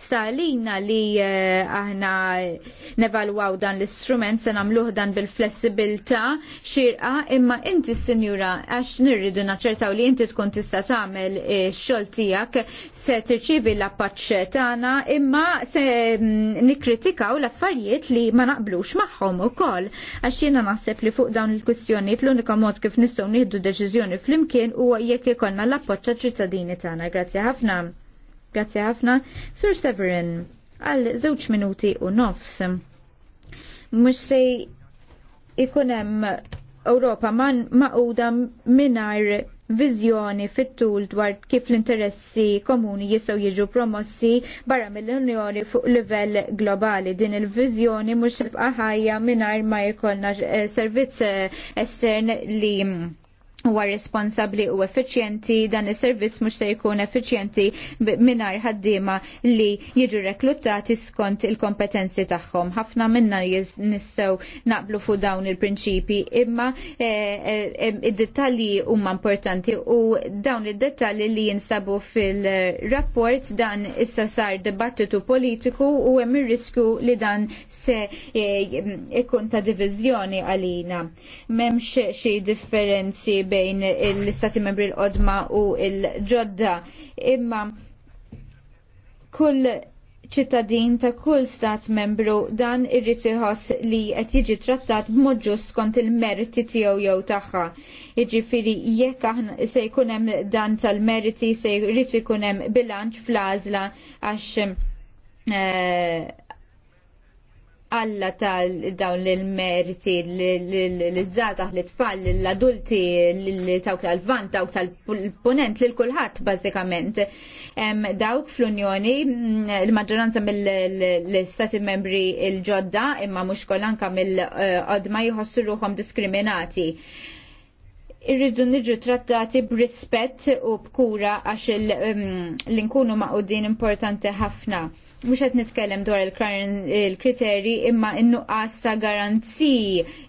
Stalina li eh, aħna nevalwaw dan l-istrument se namluħ dan bil-flessibilta xirqa imma inti sinjura għax nirridu naċertaw li inti tkun tista' tagħmel eh, x-xogħol tiegħek se tirċivi l-appaċċ tagħna imma se mm, nikkritikaw l-affarijiet li ma naqblux magħhom ukoll għax jiena naħseb li fuq dawn il-kwistjonijiet l-unika mod kif nistgħu nieħdu deċiżjoni flimkien huwa jekk ikollna l-appoġġ ċittadini tagħna. Grazzi ħafna. Grazzi ħafna. Sur Severin, għal żewġ minuti u nofs. Mux se ikunem Ewropa man maquda minar viżjoni fit-tul dwar kif l-interessi komuni jistgħu jiġu promossi barra mill-Unjoni fuq livell globali. Din il vizjoni mhux tibqa' ħajja mingħajr ma jkollna eh, servizz eh, estern li huwa responsabbli u effiċjenti dan is-servizz mhux se jkun effiċjenti mingħajr ħaddiema li jiġu reklutati skont il-kompetenzi tagħhom. Ħafna minna nistgħu naqblu fuq dawn il-prinċipi imma eh, eh, eh, id-dettalji huma importanti u dawn id-dettalji li jinsabu fil-rapport dan issa sar dibattitu politiku u hemm ir-riskju li dan se ikun ta' diviżjoni għalina. M'hemmx xi differenzi bejn l-istati membri l-qodma u l-ġodda. Imma kull ċittadin ta' kull stat membru dan irrid iħoss li qed jiġi trattat b'mod ġust skont il-meriti tiegħu jew tagħha. Jiġifieri jekk aħna se jkun hemm dan tal-meriti se jrid ikun hemm bilanċ fl-għażla għax eh, alla tal dawn l-merti, l-żazax, l-tfal, l-adulti, l-tawk tal-vant, tawk tal-ponent, l-kulħat bazzikament. Dawk fl-Unjoni, mm, l-maġġoranza mill-Stati membri il-ġodda, imma mux anka mill-qodma jħossu ruħom diskriminati irridu niġu trattati b'rispett u b'kura għax mm, l-inkunu maqudin importanti ħafna mux għet nitkellem dwar il-kriteri imma innuqqas ta' garanzi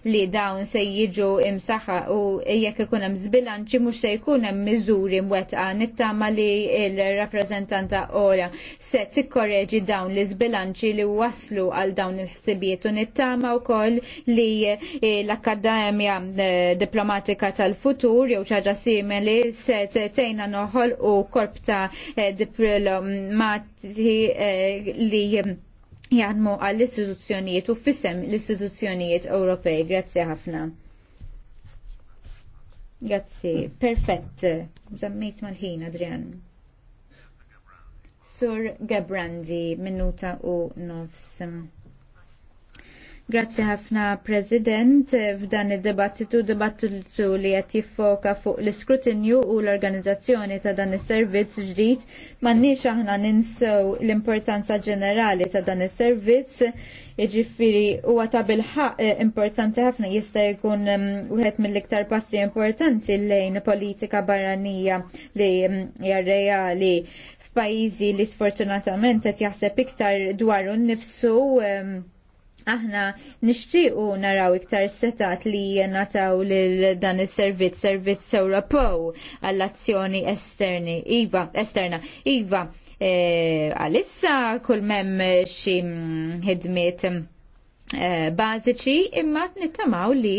li dawn se jiġu imsaħħa u jekk ikun hemm zbilanċi mhux se jkun hemm miżuri mwettqa nittama li l-rappreżentanta ora se tikkoreġi dawn l zbilanċi li waslu għal dawn il-ħsibiet u nittama wkoll li l-Akkademja eh, Diplomatika tal-Futur jew ċaġa simili se tejna noħol u korp ta' eh, diplomat li eh, jgħadmu għall-istituzzjonijiet u fissem l-istituzzjonijiet Ewropej. Grazzi ħafna. Grazzi. Perfett. Zammit mal-ħin, Adrian. Sur Gabrandi, minuta u nofs. Grazzi ħafna President f'dan id-debattitu dibattitu li qed jiffoka fuq l-iskrutinju u l-organizzazzjoni ta' dan is-servizz ġdid m'għandniex aħna ninsew l-importanza ġenerali ta' dan is-servizz jiġifieri huwa ta' bilħaq importanti ħafna jista' jkun um, wieħed mill-iktar passi importanti lejn politika barranija li um, hija reali f'pajjiżi li sfortunatament qed jaħseb iktar dwaru nnifsu um, aħna nixtiequ naraw iktar setat li nataw lil dan is-servizz, servizz Ewropew għall-azzjoni esterni, iva, esterna, iva, eh, għalissa kull mem xi ħidmiet Eh, bażiċi imma nittamaw li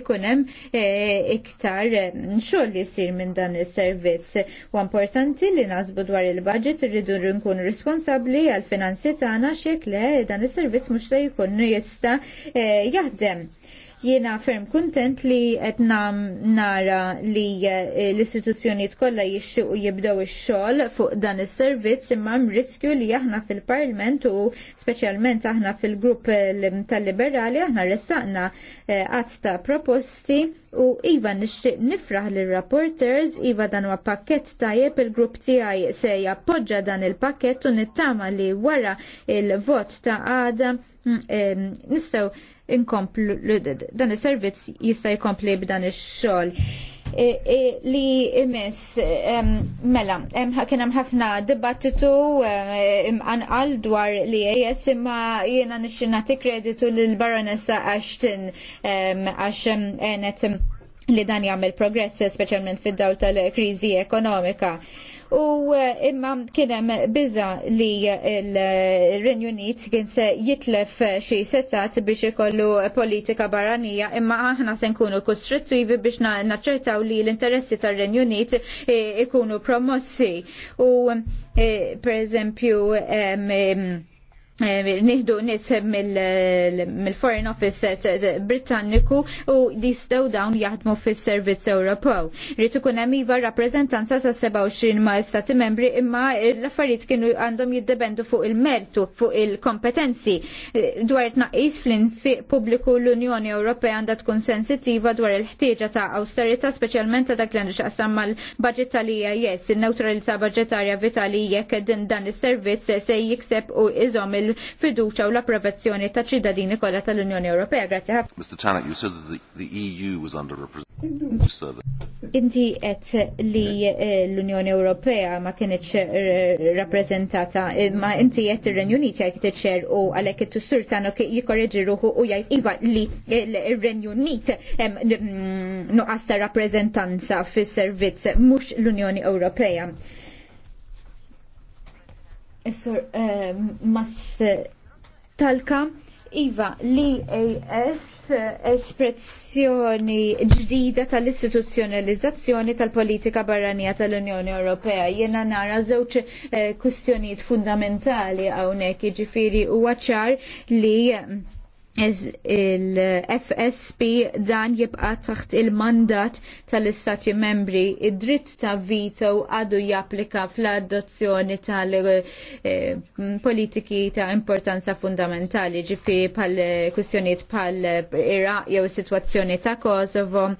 ikunem eh, iktar eh, xogħol li sir minn dan il-servizz. U importanti li nasbu dwar il-budget irridu nkun responsabli għal finanzi tagħna le dan il-servizz mhux se jkun jista' jaħdem. Jiena ferm kuntent li qed nara li eh, l-istituzzjonijiet kollha u jibdew ix-xogħol fuq dan is-servizz imma hemm riskju li aħna fil-Parlament u speċjalment aħna fil-grupp eh, tal-Liberali aħna ressaqna qatt eh, ta' proposti u iva nixtieq nifraħ lir rapporters iva dan huwa pakkett tajjeb il-grupp tiegħi se jappoġġa dan il pakket u nittama li wara il-vot ta' għada mm, nistaw inkomplu dan is-servizz jista' jkompli b'dan ix-xogħol. E, e, li imis mela, kien hemm ħafna dibattitu anqal dwar li jes imma jiena nagħti kreditu lil baronessa Ashton għax għenet li dan jagħmel progress speċjalment fid-dawl tal-kriżi ekonomika u eh, imma kienem biza li eh, il-Renju Unit kien se jitlef eh, xi setat biex ikollu politika barranija imma aħna se nkunu kostrittivi biex naċċertaw li l-interessi tar-Renju Unit ikunu promossi u per eżempju Eh, nieħdu nis mill-Foreign Office Britanniku u jistgħu dawn jaħdmu fis-Servizz Ewropew. Rrid ikun hemm iva rappreżentanza sa 27 ma' stati membri imma l-affarijiet kienu għandhom jiddependu fuq il-mertu, fuq il-kompetenzi eh, dwar tnaqqis fl-infiq pubbliku l-Unjoni Ewropea għandha tkun sensittiva dwar il-ħtieġa ta' awsterita' speċjalment ta' dak li għandu x'qasam mal-baġġett talija ias in-neutralità budġetarja vitali jekk dan is-servizz se jikseb u iżom il il-fiduċa u l-approvazzjoni ta' ċittadini kollha tal-Unjoni Ewropea. Grazie ħafna. Mr. Tannock, you said that the, EU e was underrepresented. Inti qed li eh, l-Unjoni Ewropea ma kienx eh, rappreżentata, eh, ma inti qed ir-Renju Uniti jekk tiċċer u għalhekk it-tussur Tannock jikkorreġi ruħu u jgħid iva li r-Renju Unit nuqqas ta' rappreżentanza fis-servizz mhux l-Unjoni Ewropea. Is-sur ehm, Mas Talka Iva, li eas espressjoni ġdida tal-istituzjonalizzazzjoni tal-politika barranija tal-Unjoni Ewropea. Jena nara żewġ eh, kustjonijiet fundamentali hawnhekk, jiġifieri huwa ċar li il-FSP dan jibqa taħt il-mandat tal-istati membri id-dritt ta' vito għadu japplika fl-adozzjoni tal-politiki eh, ta' importanza fundamentali ġifi pal kustjoniet pal iraq jew situazzjoni ta' Kosovo eh,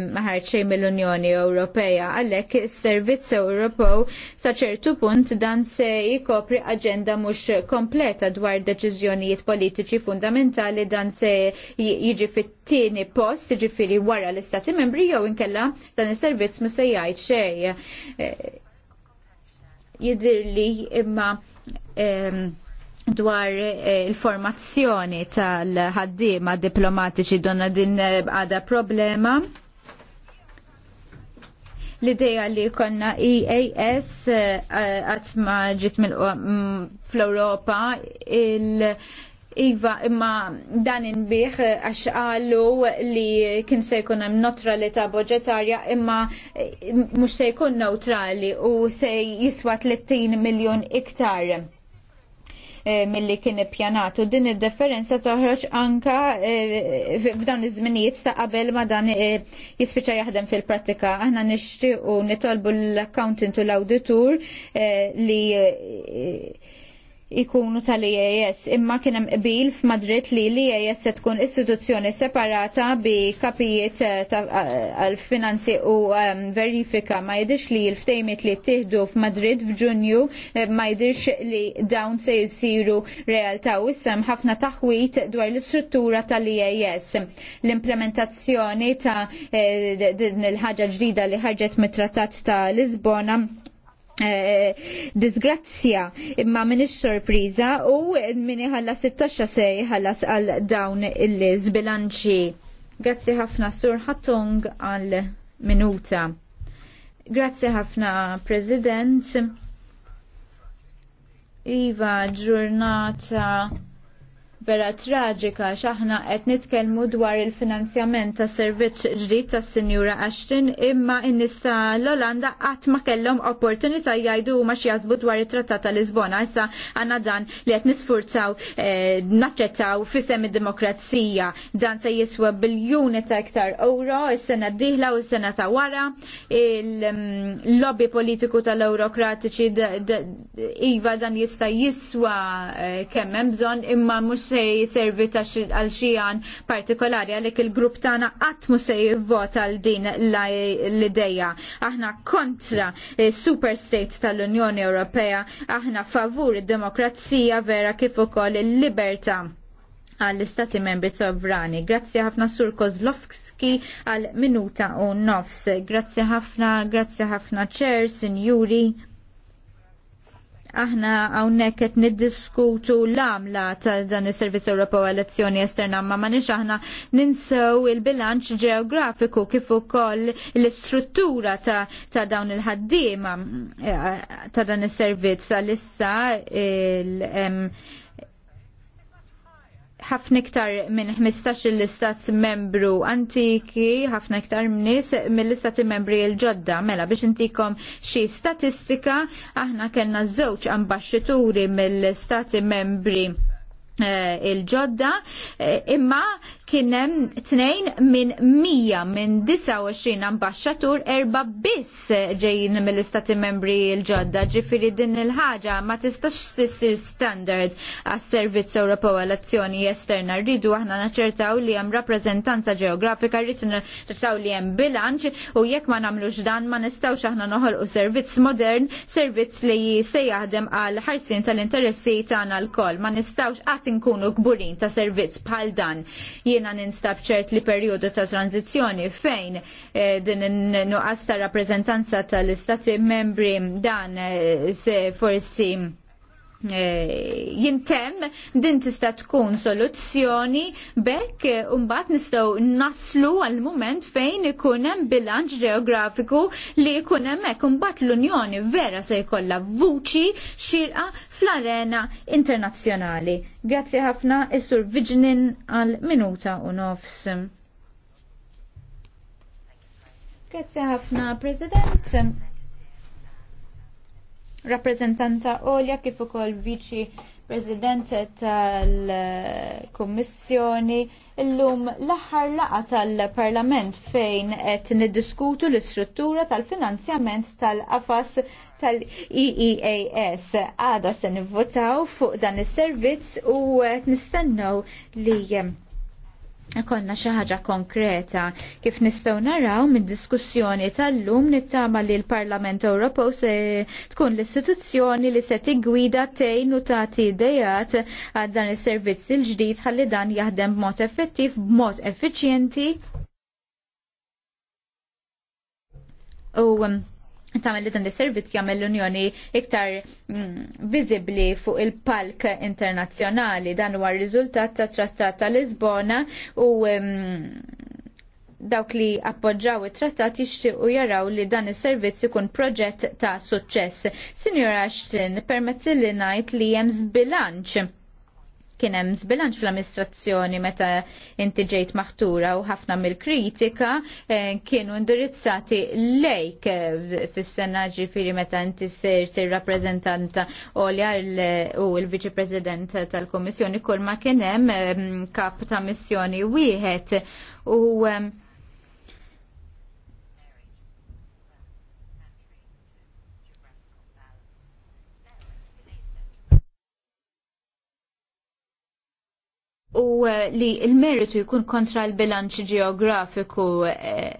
maħarċej mill-Unjoni Ewropea għalek servizz Ewropew sa' ċertu punt dan se jikopri agenda mhux kompleta dwar deċiżjonijiet politiċi fundamentali konvinta li dan se jiġi fit-tieni post, jiġifieri wara l-istati membri jew inkella dan is-servizz ma se jgħid xejn. Eh, Jidirli imma dwar eh, il-formazzjoni tal-ħaddiema diplomatiċi donna din eh, għada problema l-ideja li konna EAS għatma ġitmil mm, fl-Europa il- Iva, imma dan inbiħ eh, għax għallu li kien se jkun hemm neutralità budġetarja imma eh, mhux se jkun neutrali u se jiswa 30 miljun iktar eh, mill-li kien ippjanatu. Din id-differenza toħroġ anka f'dawn iż-żminijiet ta' qabel ma dan jispiċċa jaħdem fil-prattika. Aħna nixtiequ nitolbu l-accountant u l-auditur li ikunu tal-IAS imma kien hemm qbil f'Madrid li l-IAS e se tkun istituzzjoni separata bi kapijiet eh, eh, għal-finanzi u um, verifika ma jidhirx li l ftejmit li ttieħdu f'Madrid f'Ġunju eh, ma jidhirx li dawn se jsiru realtà u issem ħafna taħwit dwar l-istruttura tal-IAS. L-implementazzjoni ta' din il-ħaġa ġdida li ħarġet mit-trattat ta' Lisbona Eh, disgrazzja imma minix sorpriza u min iħallas 16 taxxa se jħallas għal dawn il-zbilanċi. Grazzi ħafna sur ħattung għal minuta. Grazzi ħafna President. Iva ġurnata vera traġika xaħna qed nitkellmu dwar il-finanzjament ta' servizz ġdid tas Sinjura Ashton imma n-nista l-Olanda qatt ma kellhom opportunità jgħidu huma xi jażbu dwar it-Trattat ta' Lisbona. Issa għandna dan li qed nisfurzaw eh, naċċettaw fisem id-demokrazija. Dan se jiswa biljuni ta' iktar euro is-sena d-dieħla u s-sena ta' wara. Il-lobby mm, politiku tal-eurokratiċi iva dan jista' jiswa eh, kemm hemm bżonn imma mhux musej servi għal xijan partikolari għalik il-grupp tana għat se jivvota għal din l-ideja. Aħna kontra super state tal-Unjoni Ewropea, aħna favur id-demokrazija vera kif ukoll il-libertà għall-istati membri sovrani. Grazzi ħafna Sur Kozlovski għal minuta u nofs. Grazzi ħafna, grazzi ħafna ċer, sinjuri aħna hawnhekk qed niddiskutu l-għamla ta' dan is-Servizz Ewropew Elezzjoni Esterna ma m'għandix aħna ninsew il-bilanċ ġeografiku kif ukoll l-istruttura ta', ta dawn il-ħaddiema eh, ta' dan is-servizz għal-issa il- ħafna iktar minn 15 l-istat membru antiki, ħafna iktar nies mill-istati membri l-ġodda. Mela biex intikom xi statistika, aħna kellna żewġ ambaxxituri mill-istati membri eh, il-ġodda, eh, imma kienem tnejn minn 100 minn 29 ambasċatur erba biss ġejjin mill-istati membri l-ġodda ġifiri din il-ħaġa ma tistax sissir standard għas servizz Ewropew għal-azzjoni esterna rridu aħna naċertaw li hemm rappreżentanza ġeografika rridu naċertaw li hemm bilanċ u jekk ma nagħmlux dan ma nistgħux aħna noħolqu servizz modern, servizz li se jaħdem għal ħarsien tal-interessi tagħna l-koll. Ma nistgħux qatt inkunu kburin ta' servizz bħal dan jiena ninstab ċert li perjodu ta' tranzizjoni fejn eh, din nuqqas ta' rappreżentanza tal-istati membri dan eh, se forsi Eh, jintem din tista' tkun soluzzjoni bekk eh, umbat nistgħu naslu għal mument fejn ikun hemm bilanċ geografiku li jkun hemmhekk imbagħad l-Unjoni vera se jkollha vuċi xirqa fl-arena internazzjonali. Grazzi ħafna is-sur Viġnin għal minuta u nofs. Grazzi ħafna, President rappreżentanta Olja kif ukoll viċi President tal-Kommissjoni illum l-aħħar laqa tal-Parlament fejn qed niddiskutu l-istruttura tal-finanzjament tal-qafas tal-EEAS. Għada se nivvotaw fuq dan is-servizz u qed nistennew li Konna xi ħaġa konkreta kif nistgħu naraw mid-diskussjoni tal-lum nittama li l-Parlament Ewropew se tkun l-istituzzjoni li se tiggwida tejn u tagħti idejat għal dan is servizzi l ġdid ħalli dan jaħdem b'mod effettiv, b'mod effiċjenti. U um, tagħmel li dan is-servizz jagħmel l-Unjoni iktar mm, viżibbli fuq il-palk internazzjonali dan huwa r-riżultat ta' Trattat ta' Lisbona u mm, dawk li appoġġaw it-trattat jixtiequ jaraw li dan is-servizz ikun proġett ta' suċċess. Sinjora Ashton, permetti li ngħid li hemm bilanċ kien hemm zbilanċ fl-amministrazzjoni meta inti ġejt maħtura u ħafna mill-kritika eh, kienu indirizzati lejk eh, fis-sena ġifieri meta inti sirt ir-rappreżentanta Olja u l-Viċi President tal-Kummissjoni kull ma kien hemm eh, kap ta' missjoni wieħed u u eh, li il-meritu jkun kontra l-bilanċ ġeografiku eh,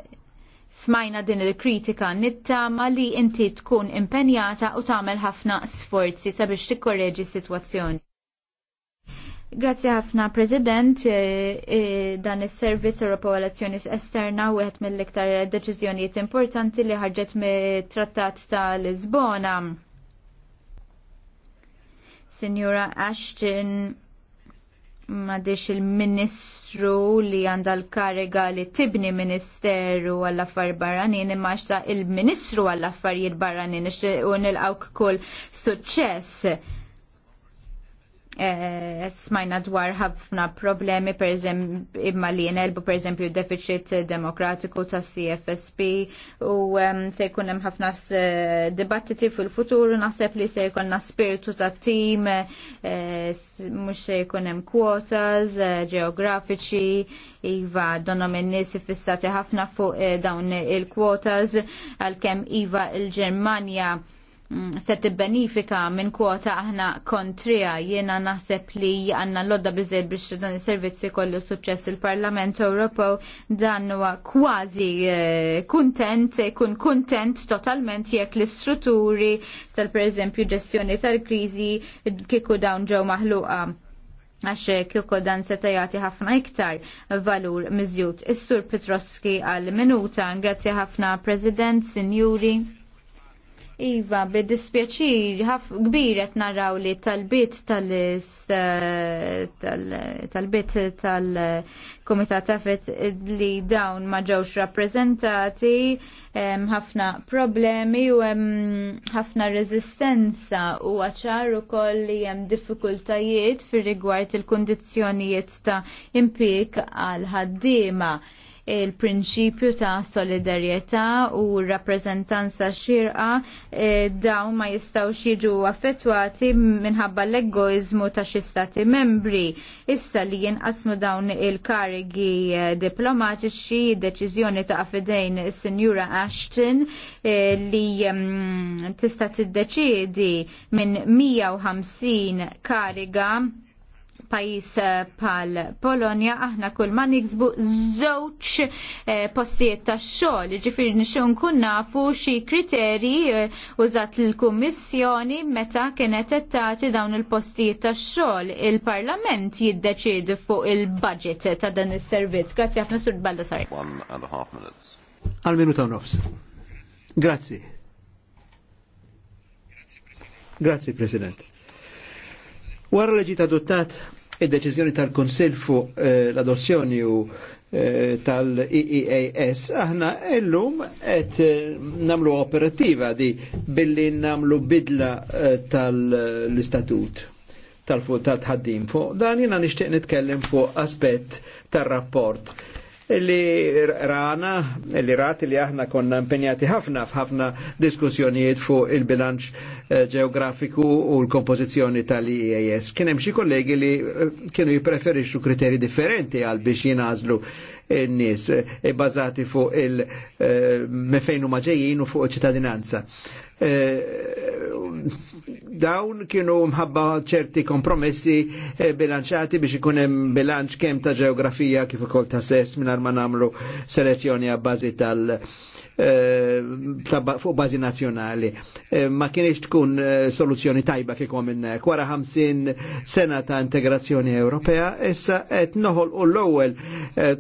smajna din il-kritika nittama li inti tkun impenjata u tagħmel ħafna sforzi sabiex tikkorreġi s-sitwazzjoni. Grazzi ħafna President, eh, dan is-Servizz Ewropew Elezzjoni Esterna wieħed mill-iktar deċiżjonijiet importanti li ħarġet mit-Trattat ta' Lisbona. Signora Ashton, madix il-ministru li għanda l-kariga li tibni ministeru għall-affar barranin imma xta il-ministru għall-affarijiet barranin u nilqawk kull suċċess Eh, smajna dwar ħafna problemi per imma li jenelbu per eżempju deficit demokratiku ta' CFSP u se jkun hemm ħafna eh, dibattiti fil-futur naħseb li se jkollna spiritu ta' tim eh, mhux se jkun hemm kwotas ġeografiċi iva donhom in-nies fissati ħafna fuq dawn il-kwotas għalkemm iva il-Ġermanja il il ġermanja Mm, se t-benifika minn kwota aħna kontrija jiena naħseb li għanna lodda bizzir biex dan il-servizzi kollu suċess il-Parlament Ewropew dan huwa kważi eh, kuntent, kun kuntent totalment jekk l-istrutturi tal pereżempju ġestjoni tal-kriżi kieku dawn ġew maħluqa għax kiko dan seta jagħti ħafna iktar valur miżjud. Is-Sur Petroski għal minuta, grazzi ħafna President, Sinjuri. Iva, bid-dispjaċir, ħaf kbiret naraw li tal-bit eh, tal-bit tal-komitat tafet li dawn ma ġewx rappresentati, ħafna problemi u ħafna rezistenza u ċar u koll li jem diffikultajiet fir rigward il-kondizjonijiet ta' impik għal-ħaddima il-prinċipju ta' solidarjetà u rappreżentanza xirqa e, dawn ma jistgħux jiġu affettwati minħabba l-egoizmu ta' xi stati membri. Issa li jinqasmu dawn il-karigi e, diplomatiċi, deċiżjoni ta' fidejn is-Sinjura Ashton e, li mm, tista' tiddeċiedi minn 150 kariga pajis eh, pal Polonia aħna kull ma niksbu żewġ eh, postijiet ta' xogħol, ġifieri nxun kun nafu xi kriteri eh, użat l-Kummissjoni meta kienet tagħti dawn il-postijiet ta' xogħol. Il-Parlament jiddeċiedi fuq il-budget ta' dan is-servizz. Grazzi ħafna sur Balda One Għal minuta nofs. Grazzi. Grazzi President. Wara leġit adottat id-deċiżjoni tal-Konsil fuq eh, l-adozzjoni u eh, tal-EEAS, aħna illum qed eh, namlu operattiva di billi namlu bidla tal-istatut tal-fuq tal-tħaddim Dan jina nixtieq nitkellem fuq aspett tar-rapport li rana, li rat li aħna konna impenjati ħafna f'ħafna diskussjonijiet fuq il-bilanċ eh, ġeografiku u l-kompożizzjoni tal-IAS. Kien hemm xi kollegi li eh, kienu jippreferixxu kriteri differenti għal biex jinażlu n-nies e eh, bazati fuq il-mefejn huma u fuq ċittadinanza. E, dawn kienu mħabba ċerti kompromessi eh, bilanċati biex ikun hemm bilanċ kemm ta' ġeografija kif ukoll ta' sess mingħajr ma nagħmlu selezzjoni għabbażi tal- Eh, fuq bażi nazzjonali. Eh, ma kienx tkun eh, soluzzjoni tajba kif minnek. Wara 50 sena ta' integrazzjoni Ewropea, issa qed noħol u l-ewwel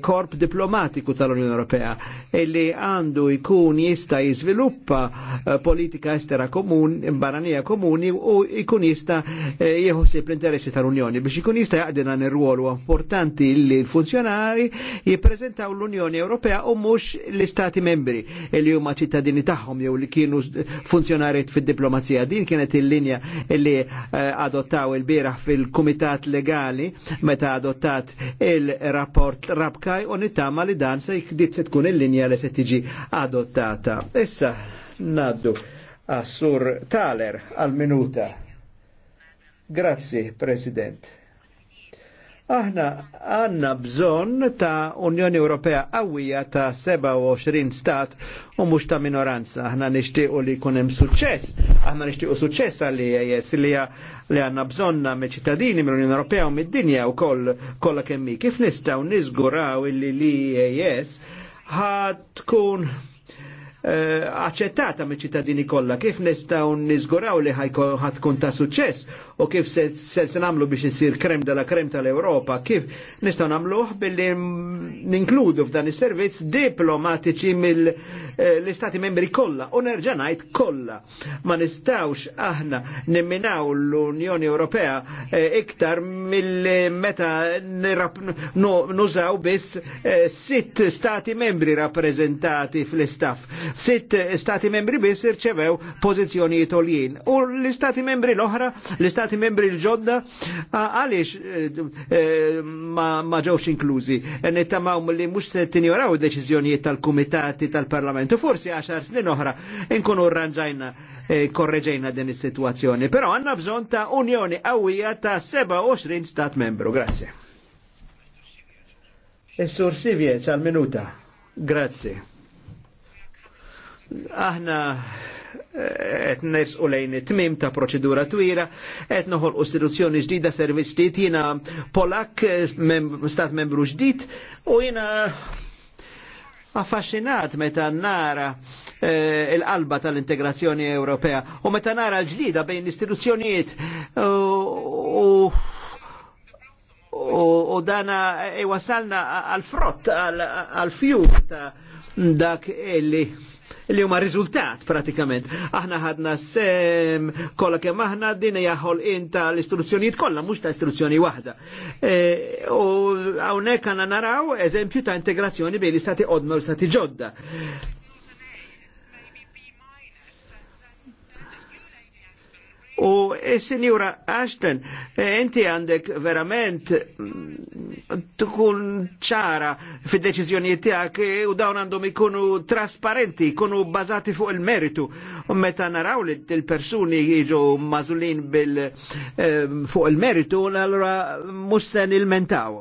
korp diplomatiku tal-Unjoni Ewropea illi għandu jkun jista' jizviluppa politika estera komun, barranija komuni u jkun jista' jieħosib l-interessi tal-Unjoni biex ikun jista' jgħadina n ruolu importanti li l-funzjonari jippreżentaw l-Unjoni Ewropea u mhux l-Istati membri li huma ċittadini tagħhom jew li kienu funzjonariet fid-diplomazija. Din kienet il-linja li eh, adottaw il-bieraħ fil-Kumitat Legali meta adottat il-rapport Rabkaj u nittama li dan se se tkun il-linja li se tiġi adottata. Issa naddu għassur Taler għal-minuta. Grazzi, President. Aħna għanna bżon ta' Unjoni Ewropea qawwija ta' 27 stat u mhux ta' minoranza. Aħna nixtiequ li jkun hemm suċċess, aħna nixtiequ suċċess għal EAS li li għandna bżonn me ċittadini mill-Unjoni Ewropea u mid-dinja wkoll kollha kemm Kif nistgħu niżguraw illi li EAS ħad tkun Eh, aċċettata miċ ċittadini kollha, kif nistgħu niżguraw li ħatkun ta' suċċess u kif se, se, se nagħmlu biex isir krem della krem tal-Ewropa, kif nistgħu nagħmluh billi ninkludu f'dan is-servizz diplomatiċi mill- Eh, l-istati membri kollha u nerġa' ngħid kollha. Ma nistgħux aħna nimminaw l-Unjoni Ewropea eh, iktar mill-meta nużaw biss eh, sitt stati membri rappreżentati fl-istaff. Sitt stati membri biss irċevew pożizzjonijiet oljin. U l-istati membri l-oħra, l-istati membri l-ġodda, għaliex ma ġewx inklużi. Nittamaw li mhux se tinjoraw deċiżjonijiet tal-kumitati tal-Parlament Parlament. U forsi għaxar snin oħra nkunu rranġajna eh, korreġejna din is-sitwazzjoni. Però għandna bżonn ta' unjoni qawwija ta' 27 stat membru. Grazzi. Is-sur Sivjeċ għal-minuta. Grazzi. Aħna et eh, nesqu lejn it-tmim ta' proċedura twira, et noħol istituzzjoni ġdida servizz ġdid, jina Polak, eh, stat membru ġdid, u jina affaxxinat meta nara eh, il-qalba tal-integrazzjoni Ewropea u meta nara l-ġlida bejn l-istituzzjonijiet u dana iwasalna e, għal-frott, għal-fjur ta' dak illi li huma riżultat pratikament. Aħna ħadna sem kollha kemm aħna din hija ħolqien tal-istruzzjonijiet kollha mhux ta' istruzzjoni waħda. E, u hawnhekk għandna naraw eżempju ta' integrazzjoni bejn l-istati qodma u l-istati ġodda. U e, Signora Ashton, enti għandek verament mm, tkun ċara fi deċizjoni tijak e, u dawn għandhom ikunu trasparenti, ikunu bazati fuq il-meritu. U meta naraw li il-persuni jiġu mażulin bil e, fuq il-meritu, allora mussen il-mentaw.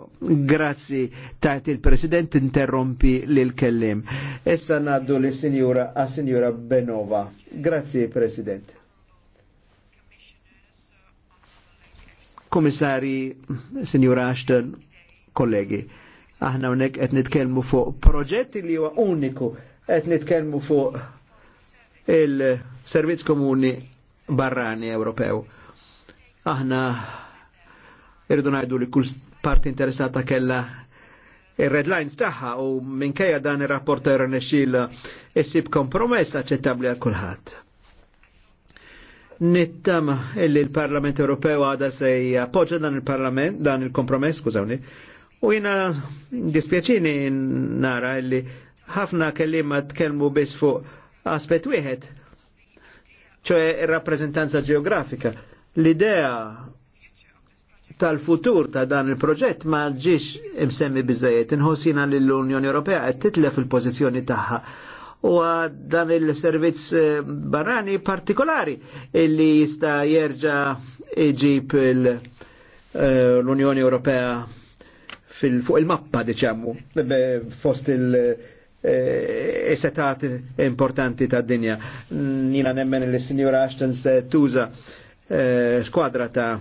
Grazzi taħt il-President interrompi lil kellim. Issa naddu li Signora a Signora Benova. Grazzi President. Komissari, Signora Ashton, kollegi, aħna unnek qed nitkellmu fuq proġetti li huwa uniku, qed nitkellmu fuq il-Servizz Komuni Barrani Ewropew. Aħna irridu najdu li kull parti interessata kella il red lines tagħha u minkejja dan ir-rapporter nexxil issib kompromess aċċettabbli għal kulħadd nittama illi l-Parlament Ewropew għada se jappoġġa dan il-Parlament, dan il-kompromess, skużawni. U jina dispjaċini nara illi ħafna kellima tkellmu biss fuq aspet wieħed, ċoe rappresentanza geografika. L-idea tal-futur ta' dan il-proġett ma ġiex imsemmi bizzajiet, inħossina l-Unjoni Ewropea qed titlef il-pożizzjoni tagħha u dan il-servizz eh, barani partikolari illi jista jerġa iġib eh, l-Unjoni Ewropea fuq il-mappa, diciamo, fost il- eh, esetat importanti ta' dinja. Nina nemmen il-Signora Ashton se tuża skwadra ta'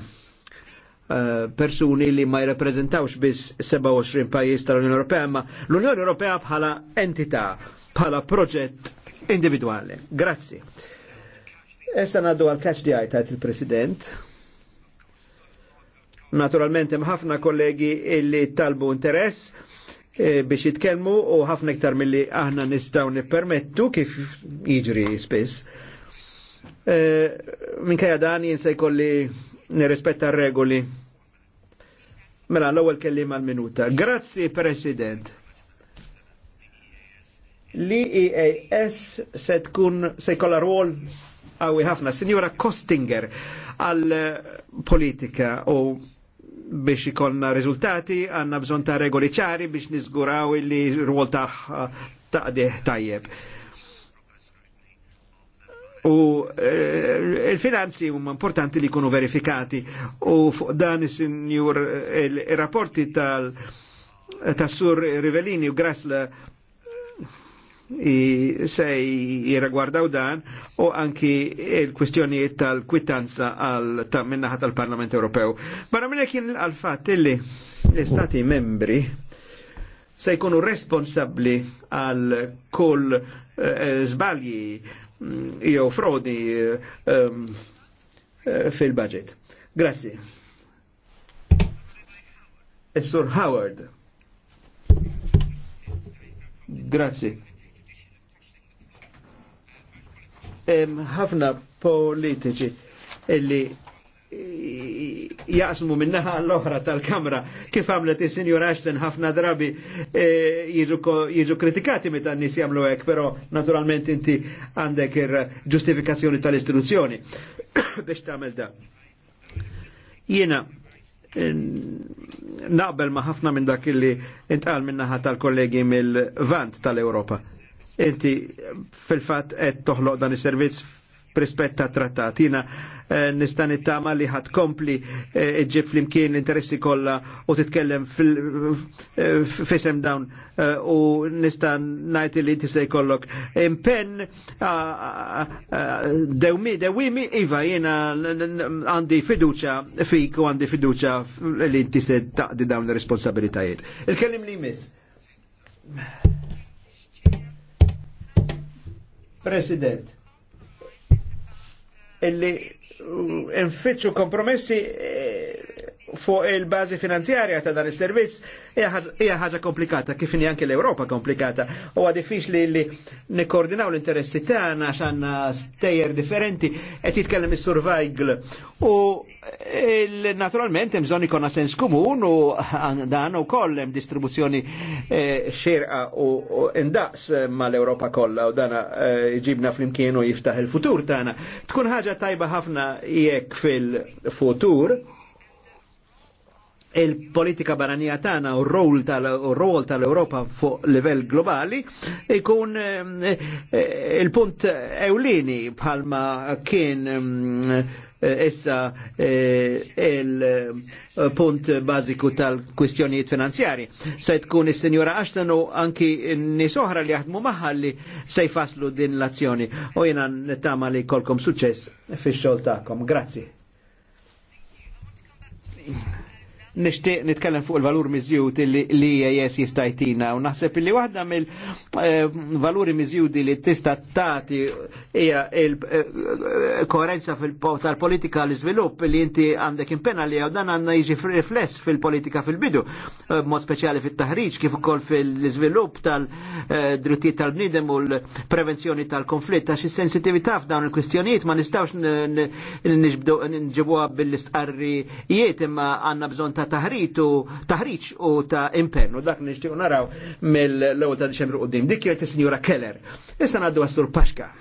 persuni li ma jirreprezentawx biss 27 pajjiż tal-Unjoni Ewropea, ma l-Unjoni Ewropea bħala entità bħala proġett individuali. Grazzi. Essa naddu għal catch the eye il-President. Naturalment hemm ħafna kollegi illi talbu interess eh, biex jitkellmu u ħafna iktar milli aħna nistgħu nippermettu kif jiġri spiss. Eh, minkejja dan jien se jkolli nirrispetta r-regoli Mela, l-ewwel kelliem għal-minuta. Grazzi, President li eas se tkun se jkollha rwol qawwi ħafna. Sinjora Kostinger għal eh, politika u biex ikollna riżultati għandna bżonn ta' regoli ċari biex niżguraw li rwol ta' taqdih tajjeb. U e, il-finanzi huma importanti li jkunu verifikati u fuq dan is-sinjur il-rapporti tal tas-sur Rivellini u Grasla se jiragwardaw dan u anki il-kwistjonijiet tal-kwitanza ta' minnaħat tal-Parlament Ewropew. Barra minn kien għal-fat illi l-Stati membri se jkunu responsabli għal kull eh, zbalji mm, jew frodi ehm, eh, fil-budget. Grazie. Is-Sur Howard. Grazie. ħafna politiċi illi jaqsmu minnaħa l-oħra tal-kamra kif għamlet il senjor Ashton ħafna drabi eh, jiġu kritikati meta n-nis jamlu hekk, però naturalment inti għandek il ġustifikazzjoni tal-istituzzjoni biex tagħmel da. Jiena naqbel ma ħafna minn dak illi intqal minnaħa tal-kollegi mill-vant tal europa inti fil-fat qed toħloq dan is-servizz prispetta trattat. Jina eh, nistan it-tama li ħad kompli eh, ġib fl-imkien l-interessi kolla u titkellem fil-fisem eh, dawn u nistan najti li inti se jkollok. Impen dewmi, dewimi, iva jena għandi fiduċa fik u għandi fiduċa li inti se taqdi dawn l-responsabilitajiet. Il-kellim li miss. President, illi mm, nfittxu kompromessi eh, fuq il-bazi finanzjarja ta' dan is-servizz hija ħaġa komplikata kif inhi anke l-Ewropa komplikata. Huwa diffiċli li nikkoordinaw l-interessi tagħna għax għandna stejjer differenti qed jitkellem is-survival. U naturalment hemm bżonn ikun sens komun u dan ukoll hemm distribuzzjoni eh, xirqa u indaqs eh, mal-Ewropa kollha u dana eh, jġibna flimkien u jiftaħ il-futur tagħna. Tkun ħaġa tajba ħafna jekk fil-futur il-politika barranija tagħna u r-rol tal-rol tal-Ewropa fuq livell globali ikun eh, eh, il-punt ewlieni bħalma kien eh, issa il-punt bażiku tal-kwistjonijiet finanzjari. Se tkun is-Sinjora Ashton u anki nies oħra li jaħdmu magħha li se jfaslu din l-azzjoni. U jiena nittama li kolkom suċċess fix-xogħol tagħkom. Grazzi. Thank you. I want to to come back nishtiq nitkellem fuq il-valur miżjud li jes jistajtina u naħseb li waħda mill-valuri miżjudi li tista tati hija il-koerenza tal-politika l iżvilupp li inti għandek impena li dan għandna jiġi rifless fil-politika fil-bidu, mod speċjali fit-taħriġ kif ukoll fil-iżvilupp tal-drittijiet tal-bniedem u l-prevenzjoni tal-konflitt għax is-sensitività f'dawn il-kwistjonijiet ma nistgħux nġibuha bil-istqarrijiet imma għandna bżonn ta' ta' taħritu, taħriċ u ta' impennu, dak nixtiequ naraw mill-ewwel ta' Diċembru qudiem. dim. Dikjer ta' sinjura Keller. Issa ngħaddu għas-Sur Paxka.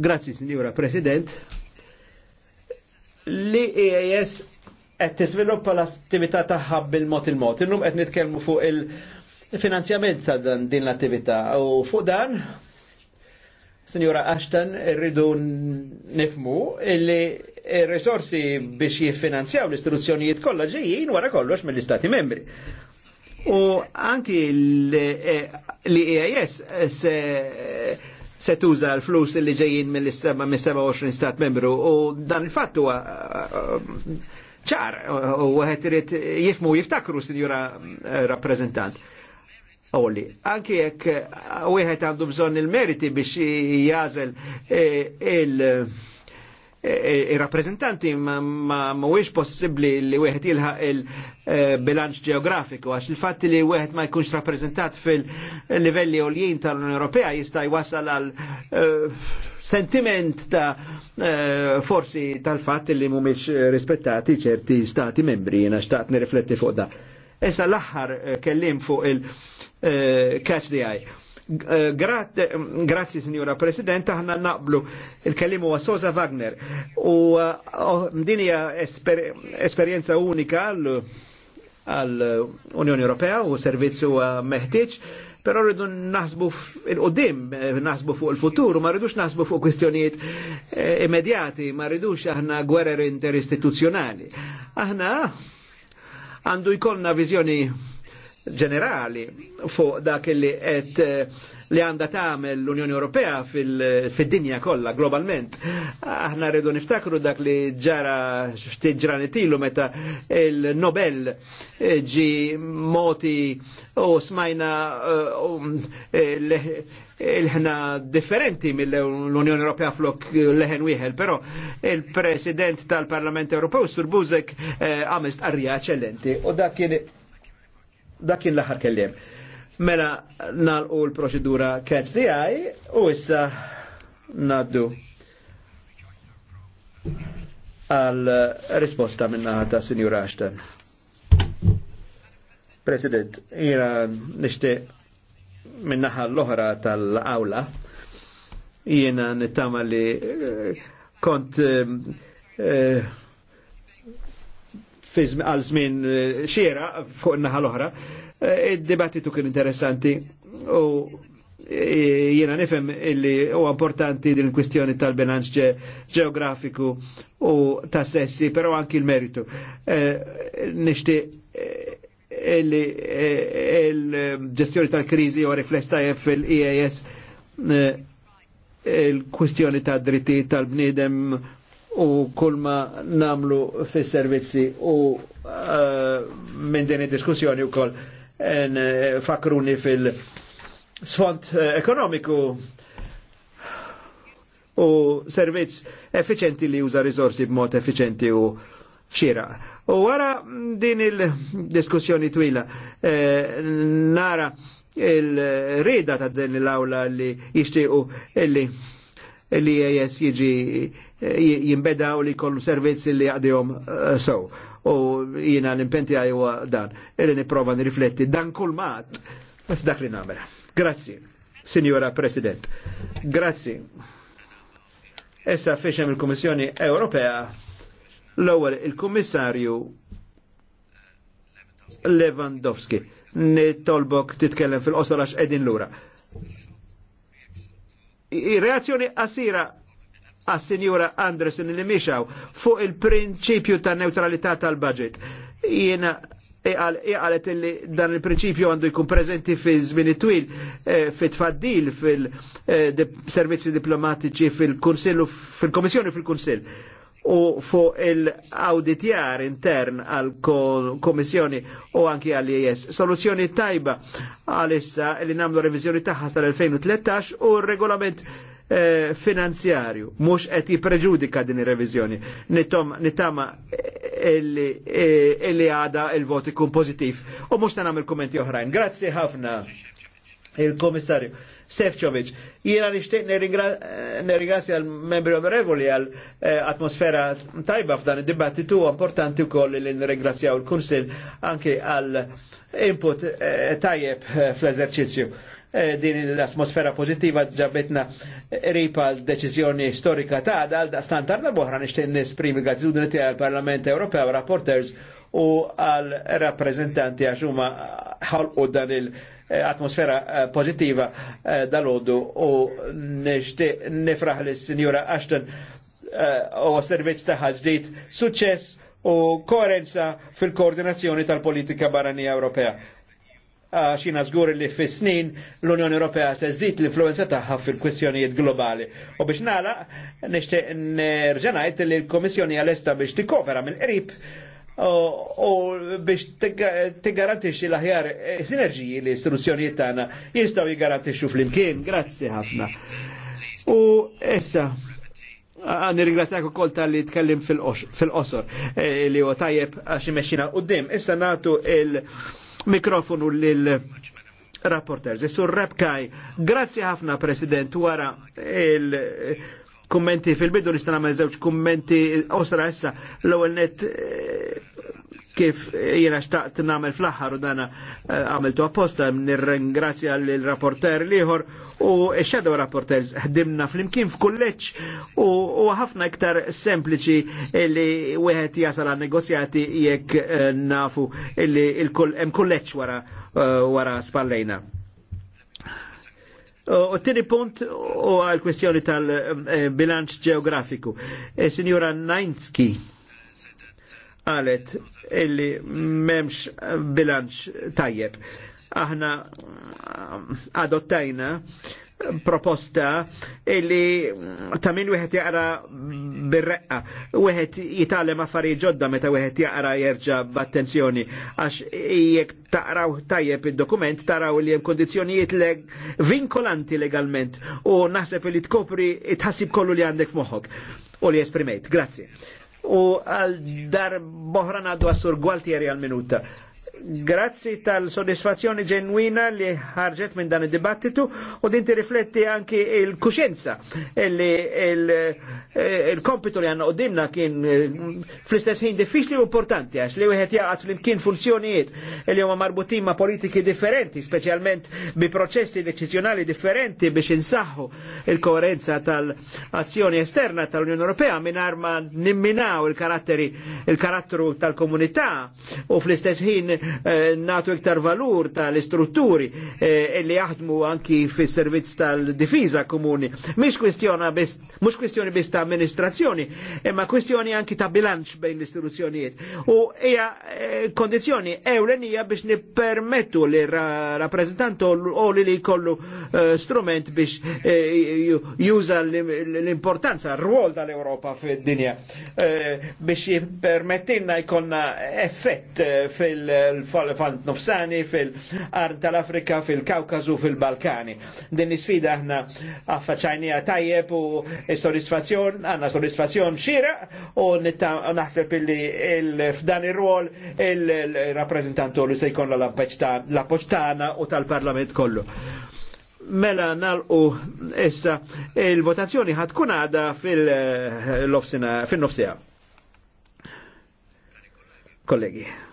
Grazzi, Signora President. li eas qed tiżviluppa l-attività tagħha bil-mod il-mod. Illum qed nitkellmu fuq il-finanzjament ta' din l-attività u fuq dan Signora Ashton, rridu nifmu illi il-resorsi biex jiffinanzjaw l-istruzzjonijiet kollha ġejjin wara kollox mill-Istati membri. U anki l-EAS se se tuża l-flus li ġejjin mill-27 stat membru u dan il-fatt huwa ċar u għet jifmu jiftakru, signora eh, rappresentant oli. Anki jekk eh, wieħed għandu bżonn il-meriti biex jażel eh, eh, il-rappresentanti ma mhuwiex possibbli li wieħed jilħaq il-bilanċ geografiku, għax il fatti li wieħed ma jkunx rappreżentat fil-livelli oljin tal-Unjoni Ewropea jista' jwassal għal sentiment ta' forsi tal fatti li mhumiex rispettati ċerti stati membri jiena xtaqt nirifletti fuq da. Issa l-aħħar kellim fuq il- Eh, catch the eye. Eh, eh, grazie Signora President, aħna naqblu il-kelimu wa Sosa Wagner u mdinija oh, esperienza unika għall-Unjoni Ewropea u servizzu meħtieġ pero rridu naħsbu il-qoddim, naħsbu fuq il-futur, ma rridux naħsbu fuq kwistjonijiet immedjati, ma rridux aħna gwerer interistituzjonali. Aħna għandu jkollna viżjoni ġenerali fuq dak li qed eh, li għanda tagħmel l-Unjoni Ewropea fid-dinja kollha globalment. Aħna rridu niftakru dak li ġara ftit ġranet ilu meta il-Nobel eh, ġi moti u smajna eh, um, il-ħna differenti mill-Unjoni Ewropea flok leħen wieħel, però il-President tal-Parlament Ewropew Sur Buzek għamest arrija eccellenti u dak kien dakin l-aħħar kellim. Mela nalqu l-proċedura catch the eye u issa naddu għal risposta minna ta' Sinjura Ashton. President, jira nishti ħal l-oħra tal-awla, jiena nittama li eh, kont eh, eh, għal żmien eh, xiera fuq naħa l-oħra. Eh, id-dibattitu kien interessanti u eh, jiena nifem illi u importanti din kwistjoni tal-bilanċ ġeografiku u ta' sessi, pero anki l-meritu. Nishti illi il-ġestjoni tal-krizi u riflesta fil ias il-kwistjoni ta' dritti tal-bnidem u kull ma namlu fis servizzi u eh, minn din id-diskussjoni koll eh, fakruni fil-sfond eh, ekonomiku u servizz efficienti li juża risorsi b'mod efficienti u xira. U wara mm, din il-diskussjoni twila nara il-rida ta' din l-awla li jishtiqu illi li jes jiġi Eh, jimbedaw li kollu servizz li għadihom eh, sew. U jina l-impenti u dan. Illi niprofa nirifletti dan kull mat Dak li namela. Grazzi, Signora President. Grazzi. Essa fiexem il-Kommissjoni Ewropea l-ewwel il-Kummissarju Lewandowski. nitolbok titkellem fil qosolax edin lura. Reazzjoni qasira għas-Sinjura Andresen li mixaw fuq il-prinċipju ta' neutralità tal-budget. Jiena iqalet li dan il-prinċipju għandu jkun prezenti fi żmien twil eh, fit tfaddil fil-servizzi eh, diplomatiċi fil-Kunsill fil-Komissjoni fil-Kunsill u fuq il-auditjar intern għal komissjoni u anki għal IES. Soluzzjoni tajba għalissa li namlu revizjoni taħħa sal-2013 u regolament Eh, finanzjarju, mux qed jipreġudika din ir-reviżjoni. Nittama eh, eh, illi għada il-vot ikun pożittiv. U mux ta' nagħmel kummenti oħrajn. Grazzi ħafna il-Komissarju. Sefcovic, jiena nishtiq nirringrazzja l-membri onorevoli għal atmosfera tajba f'dan id-dibattitu importanti wkoll li nirringrazzjaw il-Kunsil anke għal input tajjeb fl-eżerċizzju. Eh, din l-atmosfera pozittiva ġabetna ripa l-deċizjoni storika ta' għadal da' standard da' boħra nishtin nesprimi gratitudni tija għal-Parlament Ewropew, rapporters u għal-rappresentanti għaxuma u dan il- eh, atmosfera eh, pozittiva dal-ħodu u nishtiq nifraħ l signora Ashton u servizz taħħa ġdid suċċess u koerenza fil-koordinazzjoni tal-politika barranija Ewropea għax jina zgur li fis-snin l-Unjoni Ewropea se żid l-influenza tagħha fil-kwestjonijiet globali. U biex nagħlaq nixtieq nerġanajt li l-Komissjoni għal-esta biex tikkopera mill-qrib u biex tiggarantixxi l-aħjar sinerġiji li istituzzjonijiet tagħna jistgħu jiggarantixxu flimkien. Grazzi ħafna. U issa Għan ringrazzjak u kolta li tkellim fil osor li u tajjeb għax u dim. Issa natu il- mikrofonu lil rapporters. Sur Rebkaj, grazzi ħafna President wara il- kummenti fil-bidu nista' nagħmel żewġ kummenti osra issa l-ewwel net eh, kif jena xtaqt nagħmel fl-aħħar u dana eh, għamiltu apposta nirringrazzja lil rapporter liħor u shadow rapporters ħdimna fl-imkien f'kulleċ u ħafna iktar sempliċi li wieħed jasal għal negozjati jekk eh, nafu illi hemm kulleġġ wara wara spallejna. U t-tini punt u għal-kwestjoni tal-bilanċ geografiku. E, signora Nainski għalet illi memx bilanċ tajjeb. Aħna adottajna proposta illi ta' min wieħed jaqra bir-reqqa. Wieħed jitalem affarijiet ġodda meta wieħed jaqra jerġa' b'attenzjoni għax jekk taqraw tajjeb id-dokument taraw li hemm kondizzjonijiet leg vinkolanti legalment u naħseb li tkopri tħassib kollu li għandek f'moħħok u li esprimejt. Grazzi. U għal dar boħra għaddu għassur Gualtieri għal-minuta. Grazzi tal-soddisfazzjoni ġenwina li ħarġet minn dan id-dibattitu u din tirrifletti anki il-kuxenza li eh, il-kompitu li għanna u dimna kien eh, fl-istess ħin diffiċli u importanti għax li wieħed fl-imkien funzjonijiet li huma marbutin ma' politiki differenti, specialment bi processi deċiżjonali differenti biex insaħħu il-koerenza tal-azzjoni esterna tal-Unjoni Ewropea minn arma nimminaw il-karatteri il-karattru tal-komunità u fl-istess ħin Eh, natu iktar valur tal-istrutturi eh, e li jaħdmu anki fis servizz tal-difiża komuni. Mhix kwestjona best, mhux kwestjoni biss ta' amministrazzjoni, imma kwestjoni anki ta' bilanċ bejn l-istituzzjonijiet. U hija eh, kondizzjoni ewlenija biex nippermettu li rappresentant u li li kollu strument biex juża l-importanza, r ruol tal-Europa fid-dinja biex jippermettilna jkollna effett fil- fil-Fant Nofsani, fil-Arn tal-Afrika, fil kaukazu fil-Balkani. Din sfida aħna affaċajnija tajjeb u soddisfazzjon, għanna soddisfazzjon xira u naħfeb illi f'dan ir-rol il-rappresentantu li se jkun l-appoċtana u tal-Parlament kollu mela nalqu issa il-votazzjoni ħatkun għada eh, fil-nofsija. Kollegi.